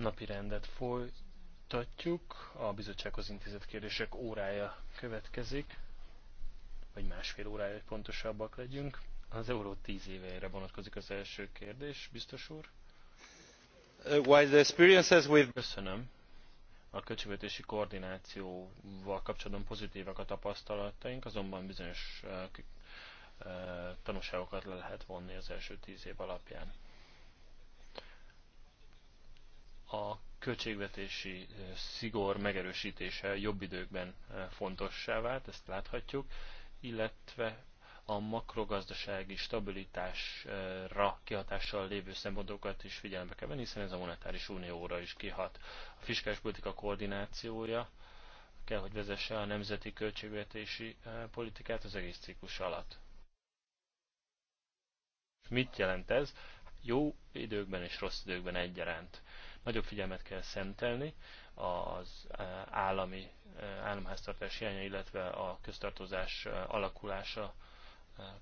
napi rendet folytatjuk. A bizottsághoz intézett kérdések órája következik, vagy másfél órája, hogy pontosabbak legyünk. Az euró 10 éveire vonatkozik az első kérdés, biztos úr. Uh, while the experiences with... Köszönöm. A költségvetési koordinációval kapcsolatban pozitívak a tapasztalataink, azonban bizonyos uh, uh, tanulságokat le lehet vonni az első tíz év alapján a költségvetési szigor megerősítése jobb időkben fontossá vált, ezt láthatjuk, illetve a makrogazdasági stabilitásra kihatással lévő szempontokat is figyelembe kell venni, hiszen ez a monetáris unióra is kihat. A fiskális politika koordinációja kell, hogy vezesse a nemzeti költségvetési politikát az egész ciklus alatt. Mit jelent ez? Jó időkben és rossz időkben egyaránt Nagyobb figyelmet kell szentelni az eh, állami eh, államháztartás hiánya, illetve a köztartozás eh, alakulása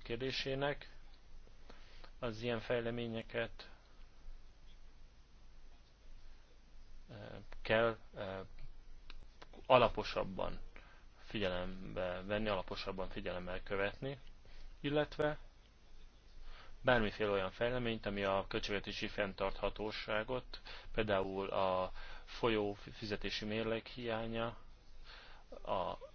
kérdésének. Az ilyen fejleményeket kell alaposabban figyelembe venni, alaposabban figyelemmel követni, illetve bármiféle olyan fejleményt, ami a költségvetési fenntarthatóságot, például a folyó fizetési mérleg hiánya, a,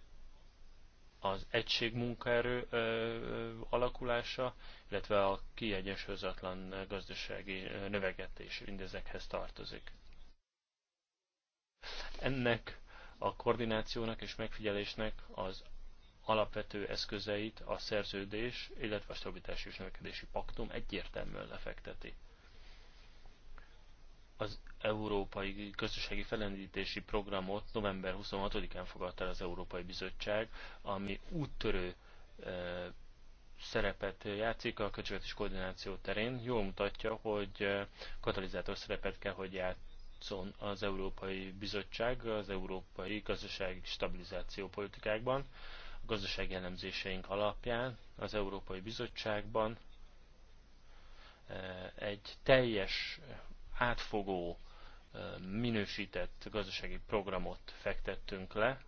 az egység munkaerő ö, alakulása, illetve a kiegyensúlyozatlan gazdasági növegetés mindezekhez tartozik. Ennek a koordinációnak és megfigyelésnek az alapvető eszközeit a szerződés, illetve a stabilitási és növekedési paktum egyértelműen lefekteti. Az Európai Közösségi Felendítési Programot november 26-án fogadta el az Európai Bizottság, ami úttörő e, szerepet játszik a költségvetés koordináció terén. Jól mutatja, hogy e, katalizátor szerepet kell, hogy játszon az Európai Bizottság az európai gazdasági stabilizáció politikákban gazdasági elemzéseink alapján az Európai Bizottságban eh, egy teljes, átfogó, eh, minősített gazdasági programot fektettünk le,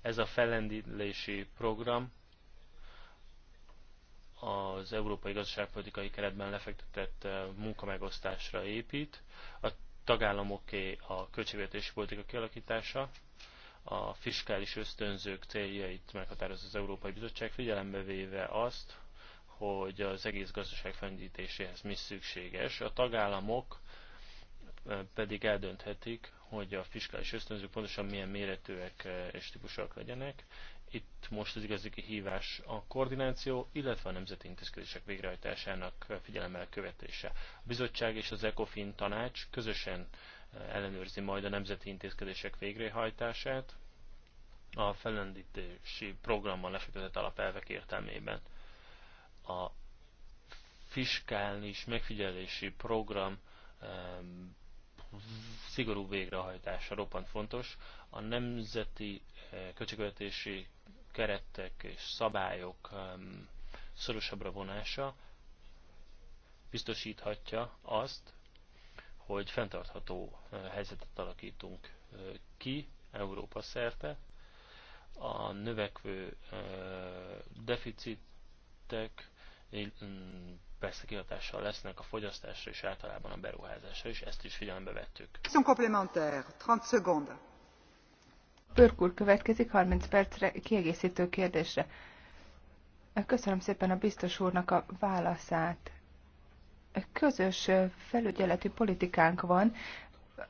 ez a fellendítési program az európai gazdaságpolitikai keretben lefektetett eh, munkamegosztásra épít. A tagállamoké a költségvetési politika kialakítása, a fiskális ösztönzők céljait meghatározza az Európai Bizottság, figyelembe véve azt, hogy az egész gazdaság fenyítéséhez mi szükséges. A tagállamok pedig eldönthetik, hogy a fiskális ösztönzők pontosan milyen méretűek és típusúak legyenek, itt most az igazi kihívás a koordináció, illetve a nemzeti intézkedések végrehajtásának figyelemmel követése. A bizottság és az ECOFIN tanács közösen eh, ellenőrzi majd a nemzeti intézkedések végrehajtását a felendítési programban lefektetett alapelvek értelmében. A fiskális megfigyelési program szigorú végrehajtása roppant fontos. A nemzeti eh, költségvetési keretek és szabályok ehm, szorosabbra vonása biztosíthatja azt, hogy fenntartható eh, helyzetet alakítunk eh, ki Európa szerte. A növekvő eh, deficitek persze kihatással lesznek a fogyasztásra és általában a beruházásra, és ezt is figyelembe vettük. 30 secondes. Pörkúr következik 30 percre kiegészítő kérdésre. Köszönöm szépen a biztos úrnak a válaszát. Közös felügyeleti politikánk van.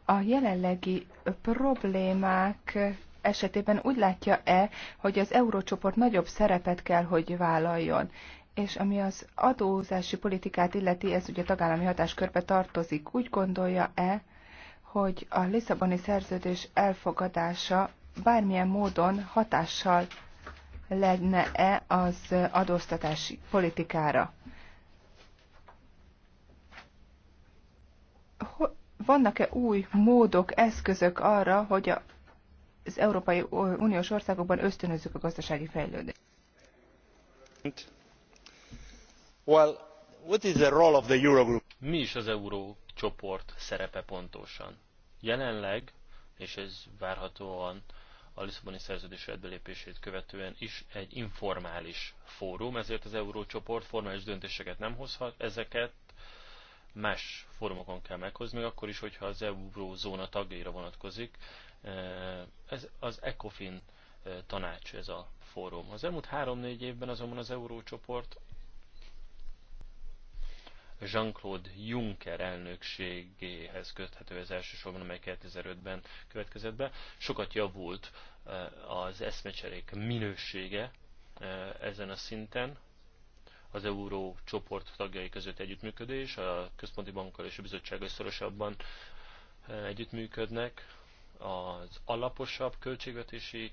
A jelenlegi problémák esetében úgy látja-e, hogy az eurócsoport nagyobb szerepet kell, hogy vállaljon? És ami az adózási politikát illeti, ez ugye tagállami hatáskörbe tartozik, úgy gondolja-e, hogy a Lisszaboni szerződés elfogadása bármilyen módon hatással lenne-e az adóztatási politikára. Vannak-e új módok, eszközök arra, hogy a az Európai Uniós országokban ösztönözzük a gazdasági fejlődést. Well, what is the role of the Eurogroup? Mi is az eurócsoport szerepe pontosan? Jelenleg, és ez várhatóan a Lisszaboni szerződés belépését követően is egy informális fórum, ezért az eurócsoport formális döntéseket nem hozhat, ezeket más fórumokon kell meghozni, még akkor is, hogyha az eurózóna tagjaira vonatkozik. Eh, ez az ECOFIN eh, tanács ez a fórum. Az elmúlt három-négy évben azonban az eurócsoport Jean-Claude Juncker elnökségéhez köthető ez elsősorban, amely 2005-ben következett be. Sokat javult eh, az eszmecserék minősége eh, ezen a szinten, az euró csoport tagjai között együttműködés, a központi bankkal és a bizottsággal szorosabban eh, együttműködnek, az alaposabb költségvetési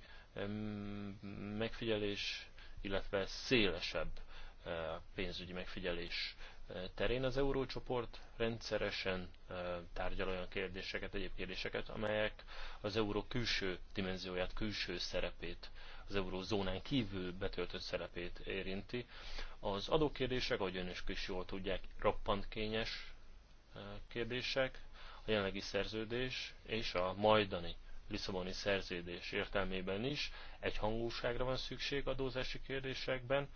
megfigyelés, illetve szélesebb pénzügyi megfigyelés terén az eurócsoport rendszeresen tárgyal olyan kérdéseket, egyéb kérdéseket, amelyek az euró külső dimenzióját, külső szerepét, az eurózónán kívül betöltött szerepét érinti. Az adókérdések, ahogy ön is jól tudják, roppant kényes kérdések, a jelenlegi szerződés és a majdani Lisszaboni szerződés értelmében is egy hangúságra van szükség adózási kérdésekben,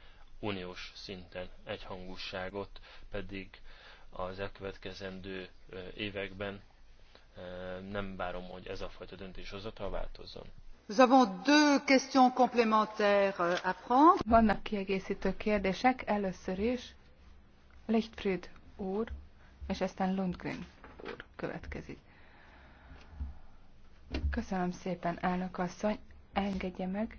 uniós szinten egyhangúságot pedig az elkövetkezendő években nem várom, hogy ez a fajta döntéshozatal változzon. Euh, Vannak kiegészítő kérdések, először is Lechtfried úr, és aztán Lundgren úr következik. Köszönöm szépen, elnök asszony, engedje meg,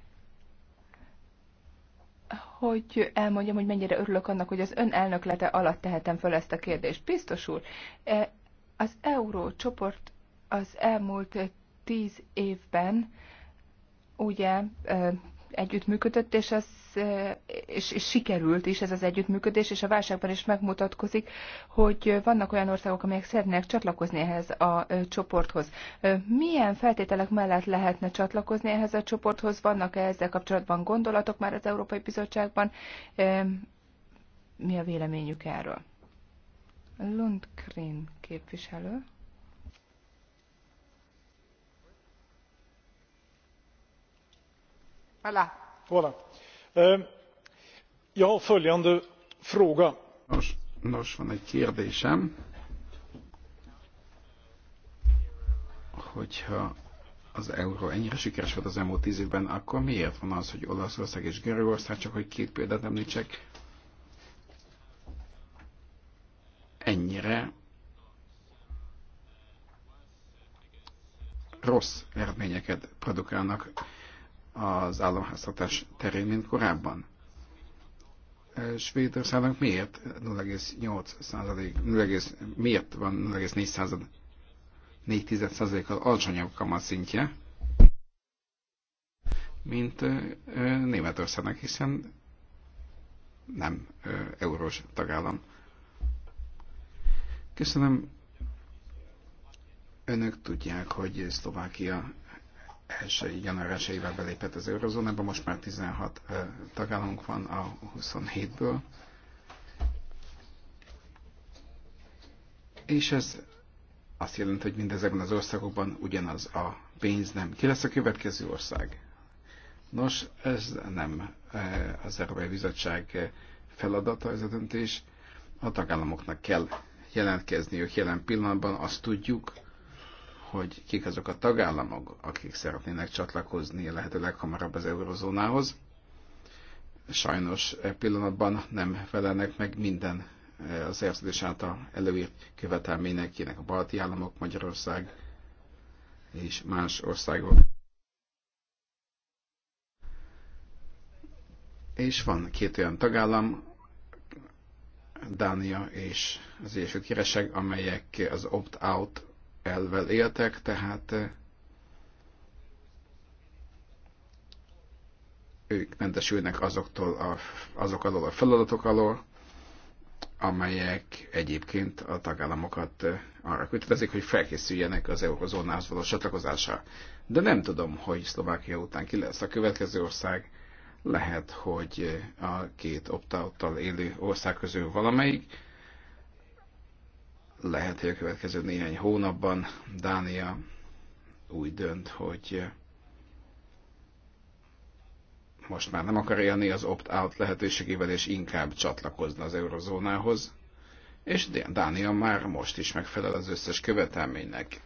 hogy elmondjam, hogy mennyire örülök annak, hogy az ön elnöklete alatt tehetem föl ezt a kérdést. Biztos úr, e, az eurócsoport az elmúlt e, tíz évben ugye e, együttműködött, és, ez eh, és, és sikerült is ez az együttműködés, és a válságban is megmutatkozik, hogy vannak olyan országok, amelyek szeretnének csatlakozni ehhez a eh, csoporthoz. Eh, milyen feltételek mellett lehetne csatlakozni ehhez a csoporthoz? Vannak-e ezzel kapcsolatban gondolatok már az Európai Bizottságban? Mi a véleményük erről? Lundgren képviselő. Ehm, nos van egy kérdésem hogyha az euró ennyire sikeres volt az elmúlt tíz évben, akkor miért van az, hogy Olaszország és Görögország, csak hogy két példát említsek, ennyire rossz eredményeket produkálnak az államháztartás terén, mint korábban. Svédországnak miért 0,8 százalék, 0, miért van 0,4 század, 4 százalékkal alacsonyabb kamatszintje, mint Németországnak, hiszen nem eurós tagállam. Köszönöm. Önök tudják, hogy Szlovákia 1. január 1 belépett az eurozónába, most már 16 tagállamunk van a 27-ből. És ez azt jelenti, hogy mindezekben az országokban ugyanaz a pénz nem. Ki lesz a következő ország? Nos, ez nem az Európai Bizottság feladata, ez a döntés. A tagállamoknak kell jelentkezniük jelen pillanatban, azt tudjuk, hogy kik azok a tagállamok, akik szeretnének csatlakozni lehető leghamarabb az eurozónához. Sajnos e pillanatban nem felelnek meg minden e, a szerződés által előírt követelménynek, kinek a balti államok, Magyarország és más országok. És van két olyan tagállam, Dánia és az Egyesült Királyság, amelyek az opt-out elvel éltek, tehát eh, ők mentesülnek azoktól a, azok alól a feladatok alól, amelyek egyébként a tagállamokat eh, arra kötelezik, hogy felkészüljenek az eurozónához való csatlakozásra. De nem tudom, hogy Szlovákia után ki lesz a következő ország, lehet, hogy eh, a két opt élő ország közül valamelyik, lehet, hogy a következő néhány hónapban Dánia úgy dönt, hogy most már nem akar élni az opt-out lehetőségével, és inkább csatlakozna az eurozónához, és Dánia már most is megfelel az összes követelménynek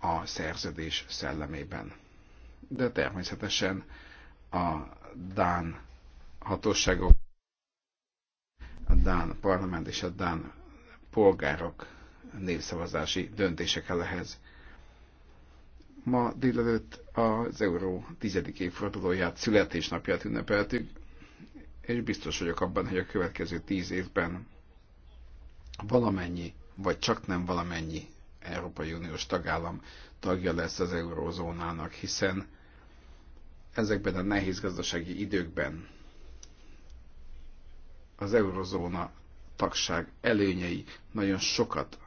a szerződés szellemében. De természetesen a Dán hatóságok, a Dán parlament és a Dán polgárok népszavazási döntése kell ehhez. Ma délelőtt az euró tizedik évfordulóját, születésnapját ünnepeltük, és biztos vagyok abban, hogy a következő tíz évben valamennyi, vagy csak nem valamennyi Európai Uniós tagállam tagja lesz az eurózónának, hiszen ezekben a nehéz gazdasági időkben az Eurózóna tagság előnyei nagyon sokat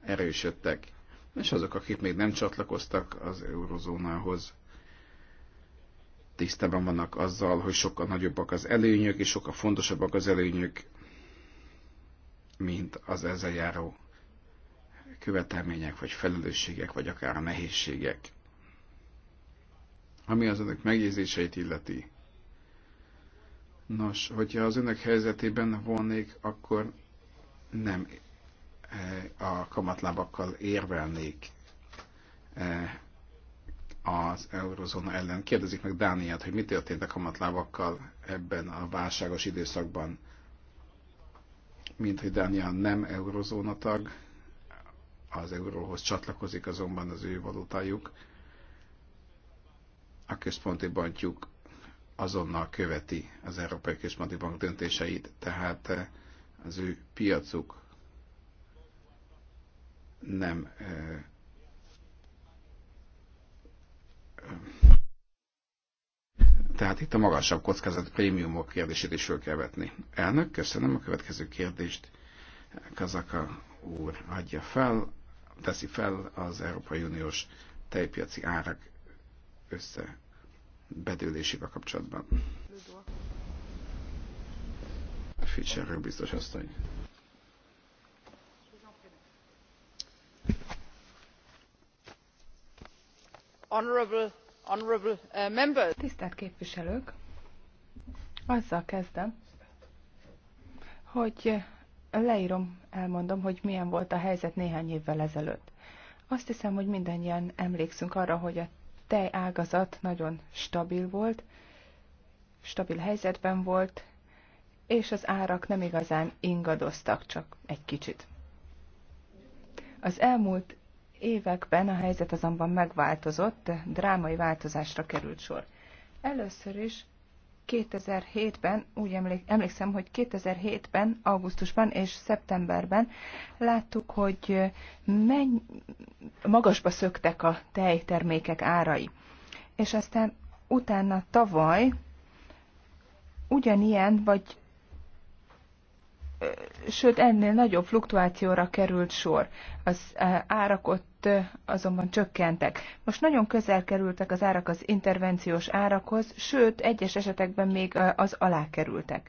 erősödtek, és azok, akik még nem csatlakoztak az eurozónához, tisztában vannak azzal, hogy sokkal nagyobbak az előnyök, és sokkal fontosabbak az előnyök, mint az ezzel járó követelmények, vagy felelősségek, vagy akár a nehézségek. Ami az önök megjegyzéseit illeti, Nos, hogyha az önök helyzetében volnék, akkor nem eh, a kamatlábakkal érvelnék eh, az eurozóna ellen. Kérdezik meg Dániát, hogy mit történt a kamatlábakkal ebben a válságos időszakban. Mint hogy Dánia nem eurozóna tag, az euróhoz csatlakozik azonban az ő valutájuk, a központi bankjuk azonnal követi az Európai Központi Bank döntéseit, tehát eh, az ő piacuk nem eh, tehát itt a magasabb kockázat prémiumok kérdését is föl kell vetni. Elnök, köszönöm a következő kérdést. Kazaka úr adja fel, teszi fel az Európai Uniós tejpiaci árak össze bedőlésével kapcsolatban. Fischer biztos asszony. Honorable, honorable uh, members. Tisztelt képviselők! Azzal kezdem, hogy leírom, elmondom, hogy milyen volt a helyzet néhány évvel ezelőtt. Azt hiszem, hogy mindannyian emlékszünk arra, hogy a tejágazat nagyon stabil volt, stabil helyzetben volt, és az árak nem igazán ingadoztak, csak egy kicsit. Az elmúlt években a helyzet azonban megváltozott, drámai változásra került sor. Először is 2007-ben, úgy emlékszem, hogy 2007-ben, augusztusban és szeptemberben láttuk, hogy menny, magasba szöktek a tejtermékek árai. És aztán utána tavaly ugyanilyen, vagy sőt ennél nagyobb fluktuációra került sor. Az e, árak ott e, azonban csökkentek. Most nagyon közel kerültek az árak az intervenciós árakhoz, sőt egyes esetekben még e, az alá kerültek.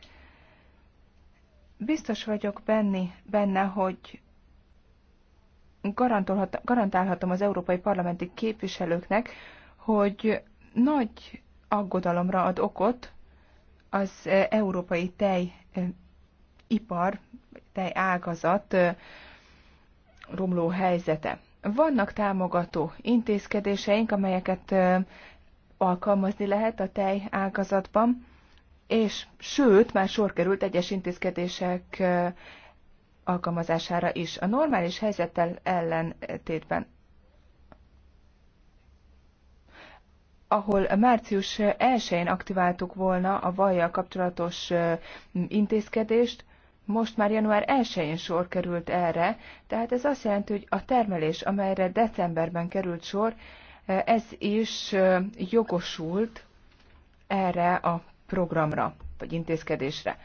Biztos vagyok benni, benne, hogy garantálhatom az európai parlamenti képviselőknek, hogy nagy aggodalomra ad okot az európai tej ipar, tej ágazat romló helyzete. Vannak támogató intézkedéseink, amelyeket alkalmazni lehet a tej ágazatban, és sőt, már sor került egyes intézkedések alkalmazására is. A normális helyzettel ellentétben ahol március 1-én aktiváltuk volna a vajjal kapcsolatos intézkedést, most már január 1-én sor került erre, tehát ez azt jelenti, hogy a termelés, amelyre decemberben került sor, eh, ez is eh, jogosult erre a programra, vagy intézkedésre.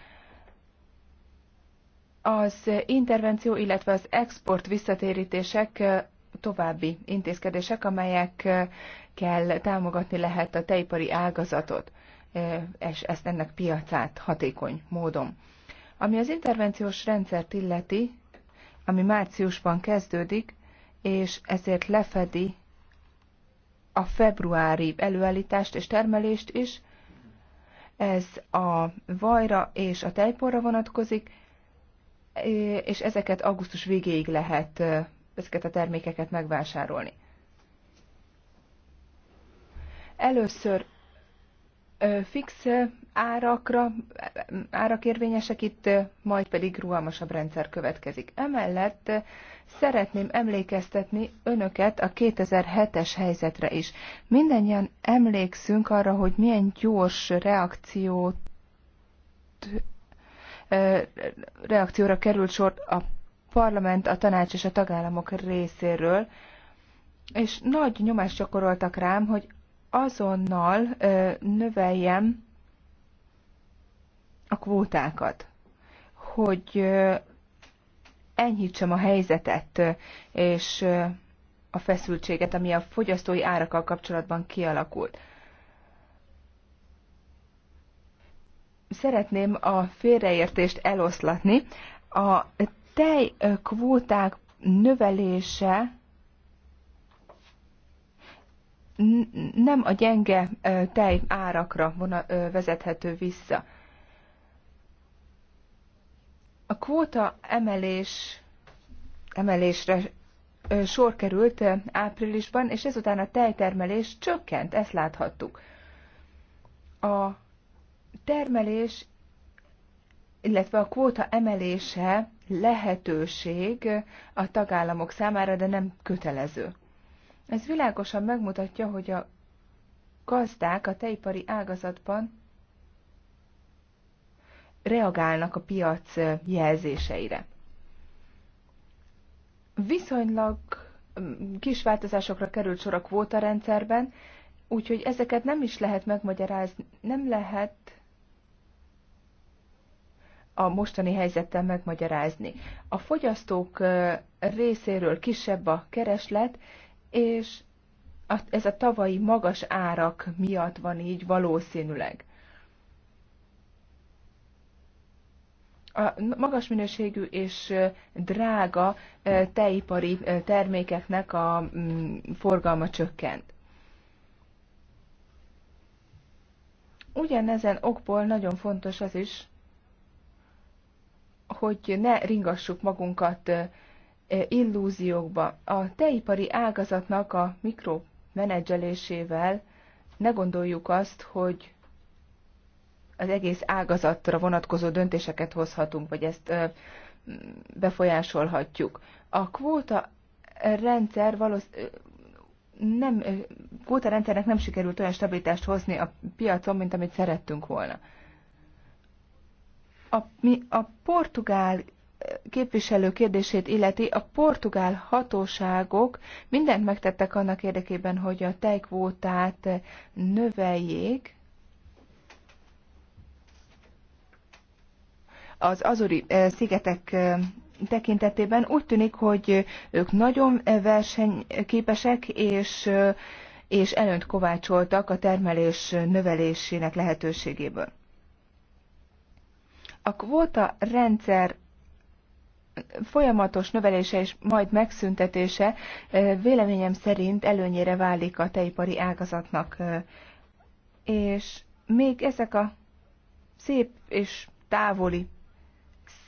Az intervenció, illetve az export visszatérítések eh, további intézkedések, kell támogatni lehet a teipari ágazatot, és ezt ennek piacát hatékony módon. Ami az intervenciós rendszert illeti, ami márciusban kezdődik, és ezért lefedi a februári előállítást és termelést is, ez a vajra és a tejporra vonatkozik, és ezeket augusztus végéig lehet ezeket a termékeket megvásárolni. Először fix árakra, árak érvényesek itt, majd pedig ruhamosabb rendszer következik. Emellett szeretném emlékeztetni önöket a 2007-es helyzetre is. Mindennyian emlékszünk arra, hogy milyen gyors reakciót reakcióra került sor a parlament, a tanács és a tagállamok részéről, és nagy nyomást gyakoroltak rám, hogy azonnal növeljem a kvótákat, hogy enyhítsem a helyzetet és a feszültséget, ami a fogyasztói árakkal kapcsolatban kialakult. Szeretném a félreértést eloszlatni. A tejkvóták növelése nem a gyenge tej árakra vezethető vissza. A kvóta emelés, emelésre sor került áprilisban, és ezután a tejtermelés csökkent, ezt láthattuk. A termelés, illetve a kvóta emelése lehetőség a tagállamok számára, de nem kötelező. Ez világosan megmutatja, hogy a gazdák a teipari ágazatban reagálnak a piac jelzéseire. Viszonylag kis változásokra került sor a rendszerben, úgyhogy ezeket nem is lehet megmagyarázni, nem lehet a mostani helyzettel megmagyarázni. A fogyasztók részéről kisebb a kereslet, és ez a tavalyi magas árak miatt van így valószínűleg. a magas minőségű és drága tejipari termékeknek a mm, forgalma csökkent. Ugyanezen okból nagyon fontos az is, hogy ne ringassuk magunkat illúziókba. A teipari ágazatnak a mikromenedzselésével ne gondoljuk azt, hogy az egész ágazatra vonatkozó döntéseket hozhatunk, vagy ezt befolyásolhatjuk. A kvóta rendszer valószínűleg nem, kvóta rendszernek nem sikerült olyan stabilitást hozni a piacon, mint amit szerettünk volna. A, mi a portugál képviselő kérdését illeti, a portugál hatóságok mindent megtettek annak érdekében, hogy a tejkvótát növeljék, az Azori eh, szigetek eh, tekintetében úgy tűnik, hogy ők nagyon eh, versenyképesek, és, és előnyt kovácsoltak a termelés növelésének lehetőségéből. A kvóta rendszer folyamatos növelése és majd megszüntetése véleményem szerint előnyére válik a teipari ágazatnak. És még ezek a szép és távoli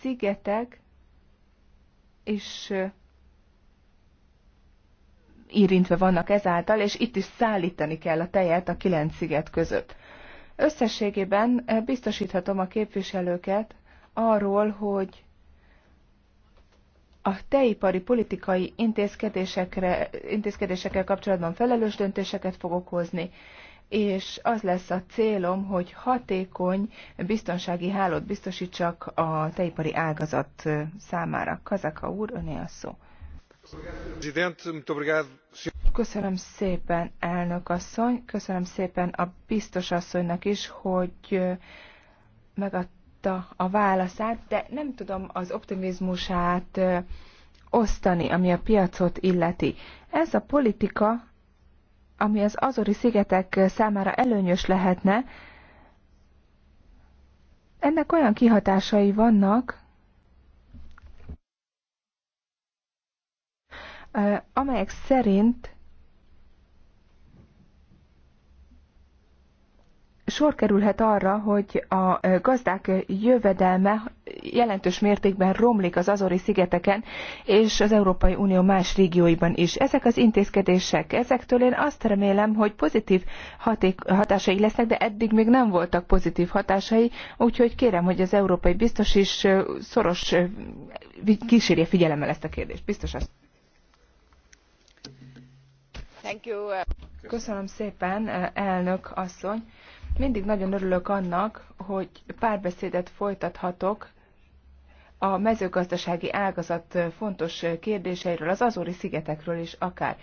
szigetek és érintve vannak ezáltal, és itt is szállítani kell a tejet a kilenc sziget között. Összességében biztosíthatom a képviselőket arról, hogy a teipari politikai intézkedésekre, intézkedésekkel kapcsolatban felelős döntéseket fogok hozni, és az lesz a célom, hogy hatékony biztonsági hálót biztosítsak a teipari ágazat számára. Kazaka úr, öné a szó. Köszönöm szépen, elnök asszony, köszönöm szépen a biztos asszonynak is, hogy megadta a válaszát, de nem tudom az optimizmusát osztani, ami a piacot illeti. Ez a politika ami az Azori szigetek számára előnyös lehetne, ennek olyan kihatásai vannak, eh, amelyek szerint sor kerülhet arra, hogy a gazdák jövedelme jelentős mértékben romlik az Azori szigeteken és az Európai Unió más régióiban is. Ezek az intézkedések, ezektől én azt remélem, hogy pozitív haték, hatásai lesznek, de eddig még nem voltak pozitív hatásai, úgyhogy kérem, hogy az Európai Biztos is szoros kísérje figyelemmel ezt a kérdést. Biztos azt. Köszönöm szépen, elnök asszony. Mindig nagyon örülök annak, hogy párbeszédet folytathatok a mezőgazdasági ágazat fontos kérdéseiről, az azóri szigetekről is akár.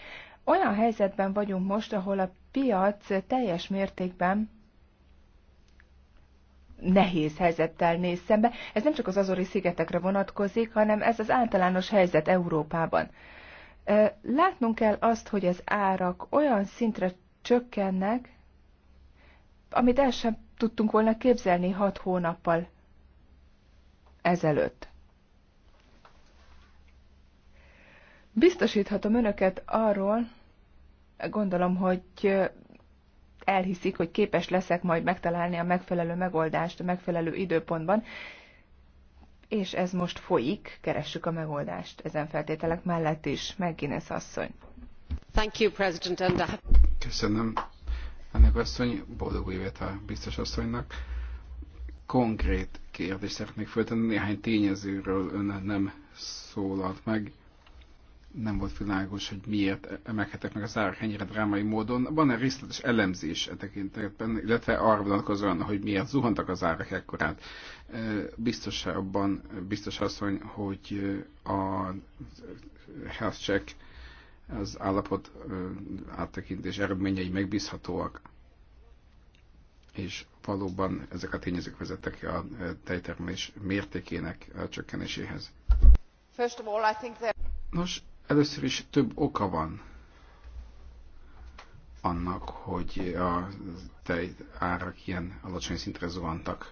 Olyan helyzetben vagyunk most, ahol a piac teljes mértékben nehéz helyzettel néz szembe. Ez nem csak az azori szigetekre vonatkozik, hanem ez az általános helyzet Európában. Látnunk kell azt, hogy az árak olyan szintre csökkennek, amit el sem tudtunk volna képzelni hat hónappal ezelőtt. Biztosíthatom önöket arról, gondolom, hogy elhiszik, hogy képes leszek majd megtalálni a megfelelő megoldást a megfelelő időpontban, és ez most folyik, keressük a megoldást ezen feltételek mellett is, meg Guinness asszony. Thank you, President. Köszönöm, ennek asszony, boldog évet a biztos asszonynak. Konkrét kérdést szeretnék föltenni, néhány tényezőről ön nem szólalt meg. Nem volt világos, hogy miért emelkedtek meg az árak ennyire drámai módon. Van-e részletes elemzés e tekintetben, illetve arra vonatkozóan, hogy miért zuhantak az árak ekkorát? Biztos abban, biztos asszony, hogy a health check az állapot áttekintés eredményei megbízhatóak, és valóban ezek a tényezők vezettek a tejtermelés mértékének a csökkenéséhez. Nos, először is több oka van annak, hogy a tej árak ilyen alacsony szintre zuhantak.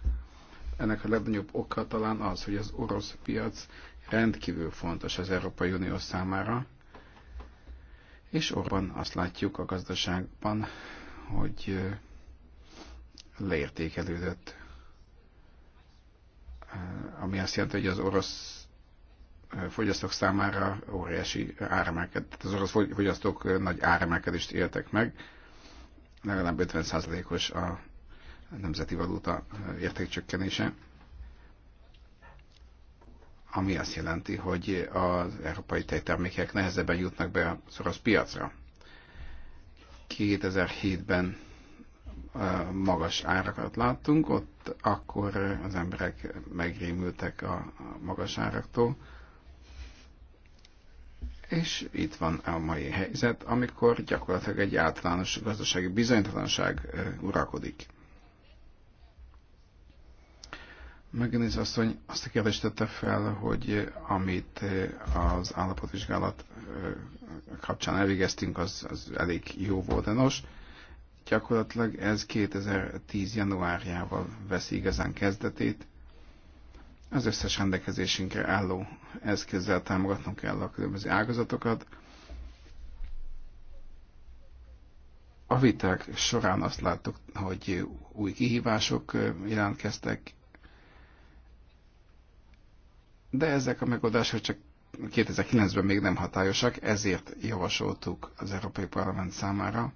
Ennek a legnagyobb oka talán az, hogy az orosz piac rendkívül fontos az Európai Unió számára, és orban azt látjuk a gazdaságban, hogy leértékelődött, ami azt jelenti, hogy az orosz fogyasztók számára óriási áremelkedés, tehát az orosz fogyasztók nagy áremelkedést éltek meg, legalább 50%-os a nemzeti valuta értékcsökkenése ami azt jelenti, hogy az európai tejtermékek nehezebben jutnak be az orosz piacra. 2007-ben magas árakat láttunk, ott akkor az emberek megrémültek a magas áraktól, és itt van a mai helyzet, amikor gyakorlatilag egy általános gazdasági bizonytalanság uralkodik. Megnéz asszony azt a kérdést tette fel, hogy amit az állapotvizsgálat kapcsán elvégeztünk, az, az elég jó volt. De nos, gyakorlatilag ez 2010. januárjával veszi igazán kezdetét. Az összes rendelkezésünkre álló eszközzel támogatnunk kell a különböző ágazatokat. A viták során azt láttuk, hogy új kihívások jelentkeztek, de ezek a megoldások csak 2009-ben még nem hatályosak, ezért javasoltuk az Európai Parlament számára,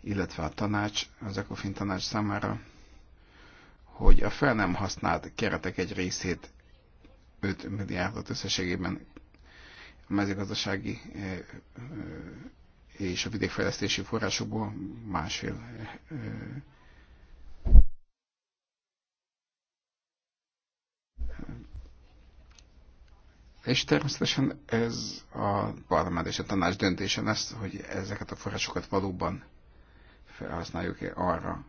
illetve a tanács, az ECOFIN tanács számára, hogy a fel nem használt keretek egy részét, 5 milliárdot összességében a mezőgazdasági eh, eh, és a vidékfejlesztési forrásokból másfél eh, És természetesen ez a parlament és a tanács döntése lesz, hogy ezeket a forrásokat valóban felhasználjuk-e arra,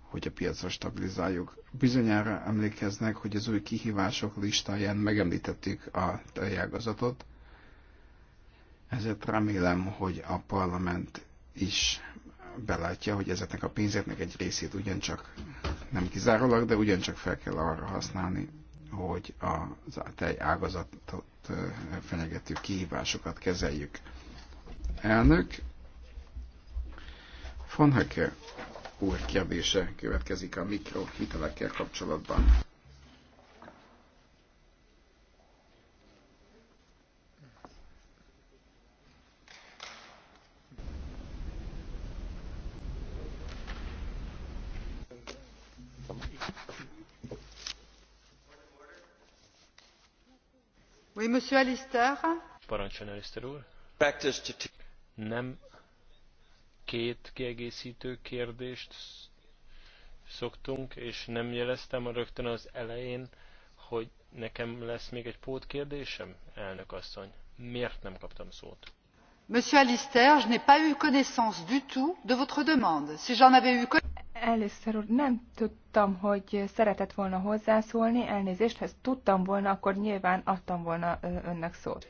hogy a piacra stabilizáljuk. Bizonyára emlékeznek, hogy az új kihívások listáján megemlítettük a teljágazatot, ezért remélem, hogy a parlament is belátja, hogy ezeknek a pénzeknek egy részét ugyancsak nem kizárólag, de ugyancsak fel kell arra használni, hogy a tej ágazatot fenyegető kihívásokat kezeljük. Elnök, von Höcke úr kérdése következik a mikrohitelekkel kapcsolatban. Oui, monsieur Alistair. úr. Nem két kiegészítő kérdést szoktunk, és nem jeleztem rögtön az elején, hogy nekem lesz még egy pót kérdésem, elnök asszony. Miért nem kaptam szót? Monsieur Alistair, je n'ai pas eu connaissance du tout de votre demande. Si j'en avais eu connaissance... Először úr, nem tudtam, hogy szeretett volna hozzászólni, elnézést, ha ezt tudtam volna, akkor nyilván adtam volna önnek szót.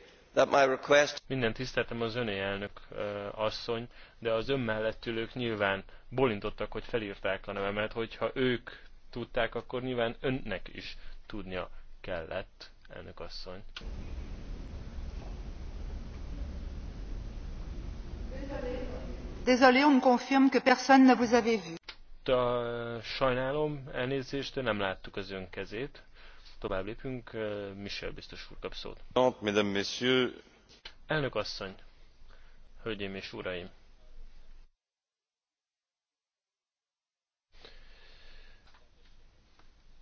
Request... Minden tiszteltem az öné elnök asszony, de az ön mellett ülők nyilván bolintottak, hogy felírták a nevemet, hogyha ők tudták, akkor nyilván önnek is tudnia kellett, elnök asszony. Désolé, on confirme que personne ne vous avait vu a sajnálom, elnézést, de nem láttuk az ön kezét. Tovább lépünk, Michel biztos úr kap szót. Elnök asszony, hölgyeim és uraim!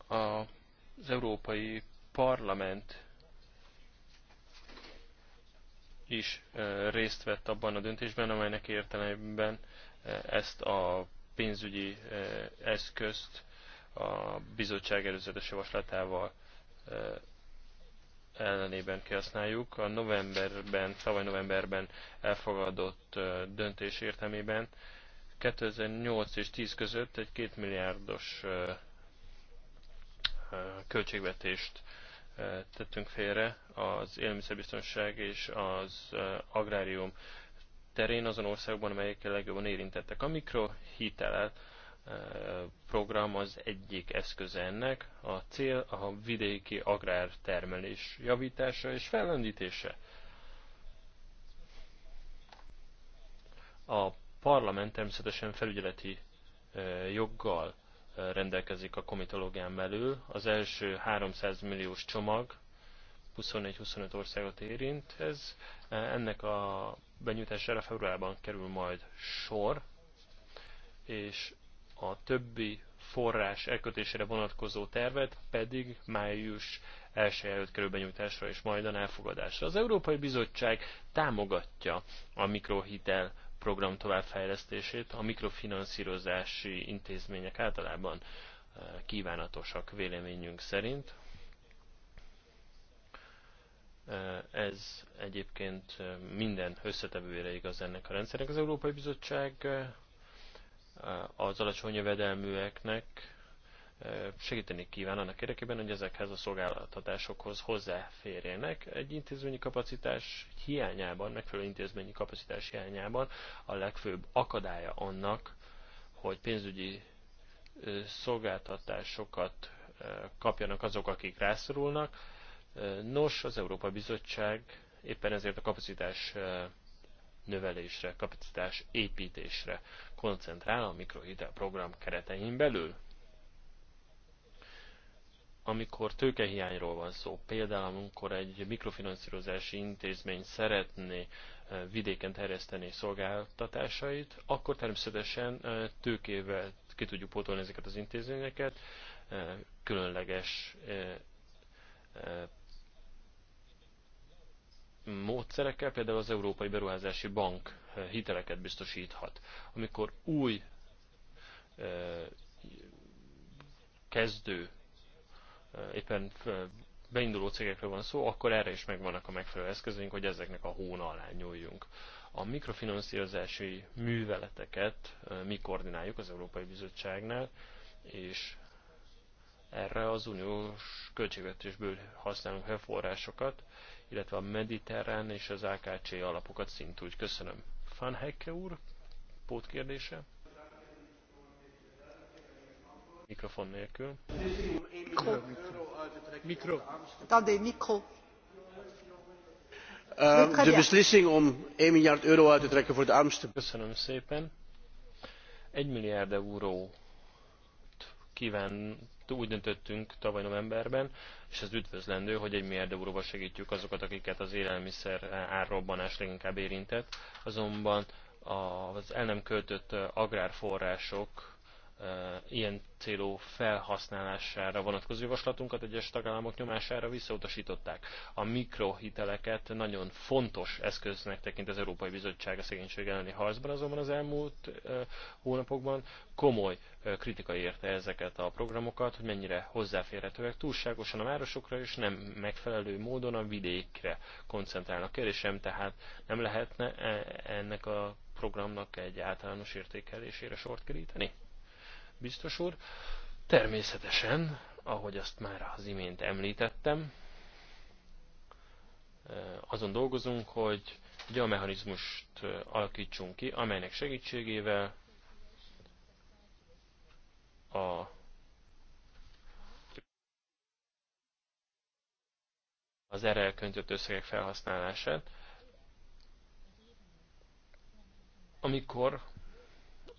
Az Európai Parlament is részt vett abban a döntésben, amelynek értelemben ezt a pénzügyi eszközt a bizottság előzetes javaslatával ellenében kihasználjuk. A novemberben, tavaly novemberben elfogadott döntés értelmében 2008 és 10 között egy 2 milliárdos költségvetést tettünk félre az élelmiszerbiztonság és az agrárium terén azon országban, amelyek legjobban érintettek. A mikrohitel e, program az egyik eszköze ennek. A cél a vidéki agrártermelés javítása és fellendítése. A parlament természetesen felügyeleti e, joggal e, rendelkezik a komitológián belül. Az első 300 milliós csomag 21 25 országot érint. Ez e, ennek a benyújtására februárban kerül majd sor, és a többi forrás elkötésére vonatkozó tervet pedig május első előtt kerül benyújtásra és majd a elfogadásra. Az Európai Bizottság támogatja a mikrohitel program továbbfejlesztését, a mikrofinanszírozási intézmények általában e, kívánatosak véleményünk szerint. Ez egyébként minden összetevőre igaz ennek a rendszernek. Az Európai Bizottság az alacsony jövedelműeknek segíteni kíván annak érdekében, hogy ezekhez a szolgáltatásokhoz hozzáférjenek. Egy intézményi kapacitás hiányában, megfelelő intézményi kapacitás hiányában a legfőbb akadálya annak, hogy pénzügyi szolgáltatásokat kapjanak azok, akik rászorulnak, Nos, az Európa Bizottság éppen ezért a kapacitás növelésre, kapacitás építésre koncentrál a mikrohitel program keretein belül. Amikor tőkehiányról van szó, például amikor egy mikrofinanszírozási intézmény szeretné vidéken terjeszteni szolgáltatásait, akkor természetesen tőkével ki tudjuk pótolni ezeket az intézményeket, különleges módszerekkel, például az Európai Beruházási Bank eh, hiteleket biztosíthat. Amikor új eh, kezdő, eh, éppen beinduló cégekről van szó, akkor erre is megvannak a megfelelő eszközünk, hogy ezeknek a hóna alá nyúljunk. A mikrofinanszírozási műveleteket mi koordináljuk az Európai Bizottságnál, és erre az uniós költségvetésből használunk fel forrásokat, illetve a mediterrán és az AKC alapokat szintúgy. Köszönöm. Van Hecke úr, pótkérdése? Mikrofon nélkül. Mikro. Mikro. Attendez, mikro. Uh, de beslissing om 1 milliárd euro uit te trekken voor de armste. Köszönöm szépen. 1 milliárd euró kíván úgy döntöttünk tavaly novemberben, és ez üdvözlendő, hogy egy milliárd euróval segítjük azokat, akiket az élelmiszer eh, árrobbanás leginkább érintett, azonban az el nem költött eh, agrárforrások ilyen célú felhasználására vonatkozó javaslatunkat egyes tagállamok nyomására visszautasították. A mikrohiteleket nagyon fontos eszköznek tekint az Európai Bizottság a szegénység elleni harcban, azonban az elmúlt hónapokban komoly kritika érte ezeket a programokat, hogy mennyire hozzáférhetőek túlságosan a városokra, és nem megfelelő módon a vidékre koncentrálnak. Kérdésem tehát nem lehetne e, ennek a programnak egy általános értékelésére sort keríteni? biztos úr. Természetesen, ahogy azt már az imént említettem, azon dolgozunk, hogy egy olyan mechanizmust alakítsunk ki, amelynek segítségével a az erre elköntött összegek felhasználását, amikor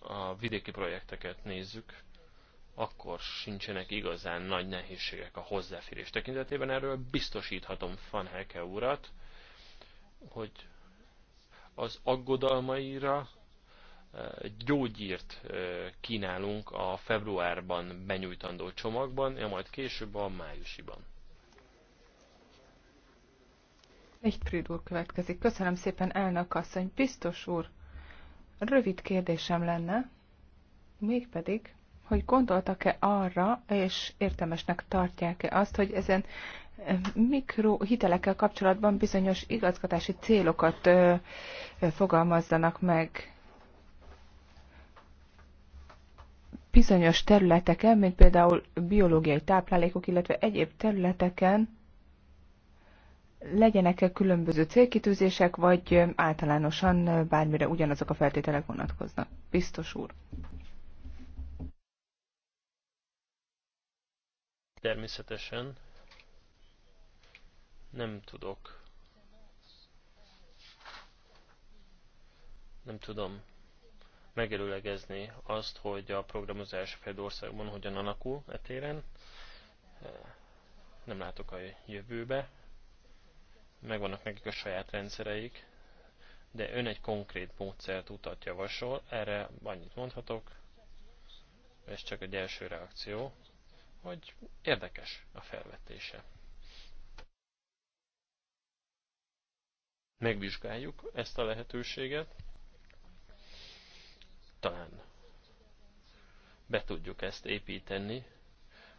a vidéki projekteket nézzük, akkor sincsenek igazán nagy nehézségek a hozzáférés tekintetében. Erről biztosíthatom Fanheke urat, hogy az aggodalmaira eh, gyógyírt eh, kínálunk a februárban benyújtandó csomagban, ja majd később a májusiban. Egy úr következik. Köszönöm szépen, elnök asszony, biztos úr. Rövid kérdésem lenne, mégpedig, hogy gondoltak-e arra, és értelmesnek tartják-e azt, hogy ezen eh, mikrohitelekkel kapcsolatban bizonyos igazgatási célokat ö, eh, ö, fogalmazzanak meg bizonyos területeken, mint például biológiai táplálékok, illetve egyéb területeken legyenek -e különböző célkitűzések, vagy általánosan bármire ugyanazok a feltételek vonatkoznak? Biztos úr. Természetesen nem tudok. Nem tudom megerőlegezni azt, hogy a programozás például országban hogyan alakul e téren. Nem látok a jövőbe, megvannak nekik a saját rendszereik, de ön egy konkrét módszert utat javasol, erre annyit mondhatok, ez csak egy első reakció, hogy érdekes a felvetése. Megvizsgáljuk ezt a lehetőséget, talán be tudjuk ezt építeni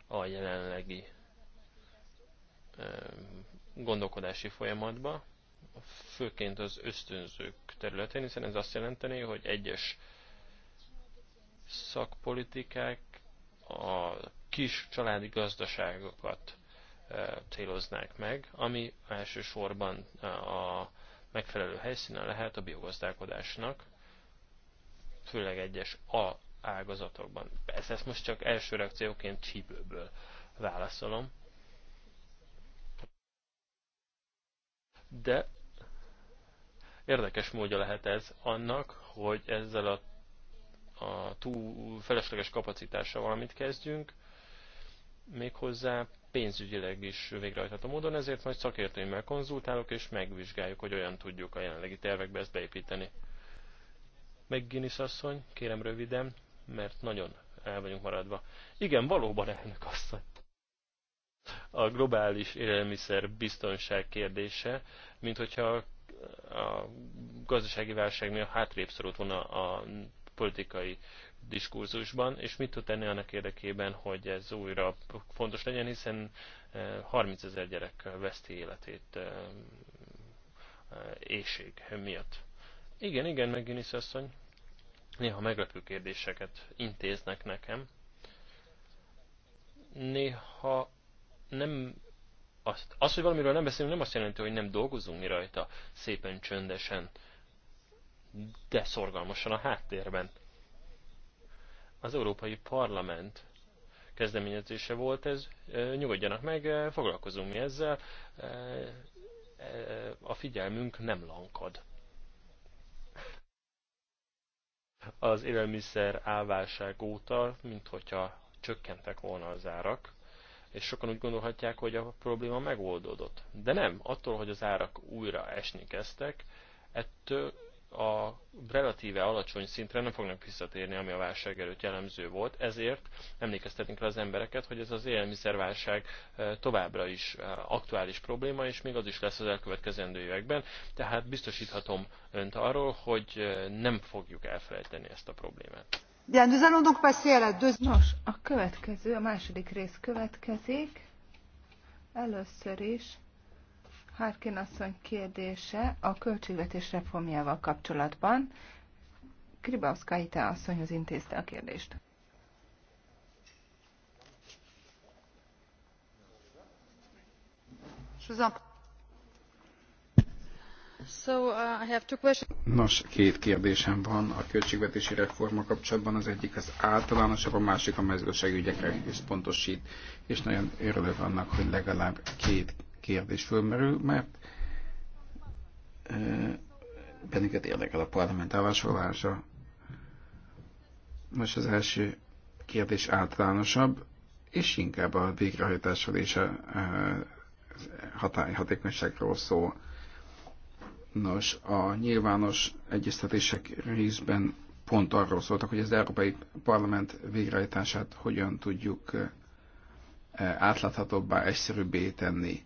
a jelenlegi gondolkodási folyamatba, főként az ösztönzők területén, hiszen ez azt jelenteni, hogy egyes szakpolitikák a kis családi gazdaságokat e, céloznák meg, ami elsősorban e, a megfelelő helyszínen lehet a biogazdálkodásnak, főleg egyes a ágazatokban. Persze ezt most csak első reakcióként csípőből válaszolom. de érdekes módja lehet ez annak, hogy ezzel a, a túl felesleges kapacitással valamit kezdjünk, méghozzá pénzügyileg is végrehajtható módon, ezért majd szakértőimmel konzultálok, és megvizsgáljuk, hogy olyan tudjuk a jelenlegi tervekbe ezt beépíteni. Guinness asszony, kérem röviden, mert nagyon el vagyunk maradva. Igen, valóban elnök asszony a globális élelmiszer biztonság kérdése, mint hogyha a gazdasági válság miatt hátrébb szorult volna a politikai diskurzusban, és mit tud tenni annak érdekében, hogy ez újra fontos legyen, hiszen 30 eh, ezer gyerek veszti életét eh, eh, éjség miatt. Igen, igen, McGinnis asszony. Néha meglepő kérdéseket intéznek nekem. Néha nem azt, az, hogy valamiről nem beszélünk, nem azt jelenti, hogy nem dolgozunk mi rajta szépen csöndesen, de szorgalmasan a háttérben. Az Európai Parlament kezdeményezése volt ez, nyugodjanak meg, foglalkozunk mi ezzel, a figyelmünk nem lankad. Az élelmiszer álválság óta, mint hogyha csökkentek volna az árak, és sokan úgy gondolhatják, hogy a probléma megoldódott. De nem, attól, hogy az árak újra esni kezdtek, ettől a relatíve alacsony szintre nem fognak visszatérni, ami a válság előtt jellemző volt, ezért emlékeztetünk rá az embereket, hogy ez az élelmiszerválság eh, továbbra is eh, aktuális probléma, és még az is lesz az elkövetkezendő években, tehát biztosíthatom önt arról, hogy eh, nem fogjuk elfelejteni ezt a problémát. Nos, a következő, a második rész következik. Először is Harkin asszony kérdése a költségvetés reformjával kapcsolatban. Kribauszkaita asszonyhoz intézte a kérdést. Je vous en prie. Uh, Nos, két kérdésem van a költségvetési reforma kapcsolatban. Az egyik az általánosabb, a másik a mezőségügyekre pontosít, és nagyon örülök annak, hogy legalább két kérdés fölmerül, mert e, bennünket érdekel a parlament állásolása. Most az első kérdés általánosabb, és inkább a végrehajtásról és a hatály, hatékonyságról szól Nos, a nyilvános egyeztetések részben pont arról szóltak, hogy az Európai Parlament végrehajtását hogyan tudjuk eh, átláthatóbbá, egyszerűbbé tenni.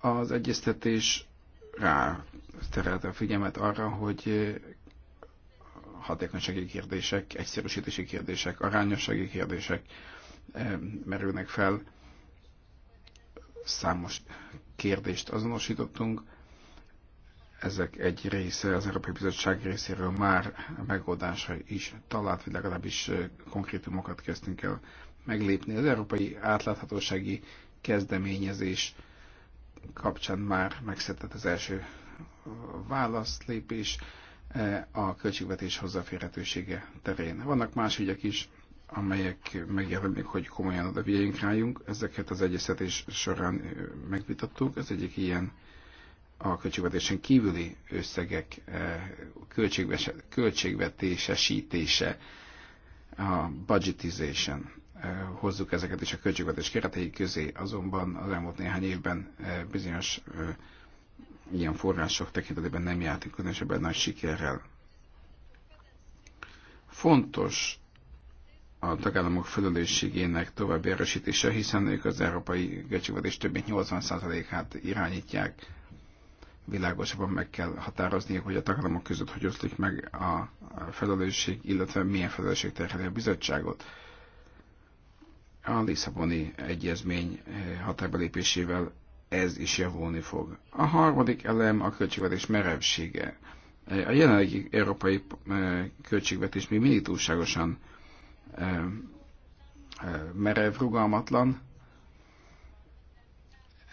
Az egyeztetés rá terelte a figyelmet arra, hogy eh, hatékonysági kérdések, egyszerűsítési kérdések, arányossági kérdések eh, merülnek fel. Számos kérdést azonosítottunk, ezek egy része az Európai Bizottság részéről már megoldásra is talált, vagy legalábbis konkrétumokat kezdtünk el meglépni. Az Európai Átláthatósági Kezdeményezés kapcsán már megszületett az első válaszlépés a költségvetés hozzáférhetősége terén. Vannak más ügyek is, amelyek megjelenik, hogy komolyan odafigyeljünk rájunk. Ezeket az egyeztetés során megvitattuk. Ez egyik ilyen a költségvetésen kívüli összegek eh, költségvetésesítése, a budgetization, eh, hozzuk ezeket is a költségvetés keretei közé, azonban az elmúlt néhány évben eh, bizonyos ilyen források tekintetében nem jártunk különösebben nagy sikerrel. Fontos a tagállamok felelősségének további erősítése, hiszen ők az európai költségvetés több mint 80%-át irányítják világosabban meg kell határozni, hogy a tagállamok között hogy oszlik meg a felelősség, illetve milyen felelősség terheli a bizottságot. A Lisszaboni egyezmény eh, hatábelépésével ez is javulni fog. A harmadik elem a költségvetés merevsége. Eh, a jelenlegi európai eh, költségvetés még mindig túlságosan merev, rugalmatlan,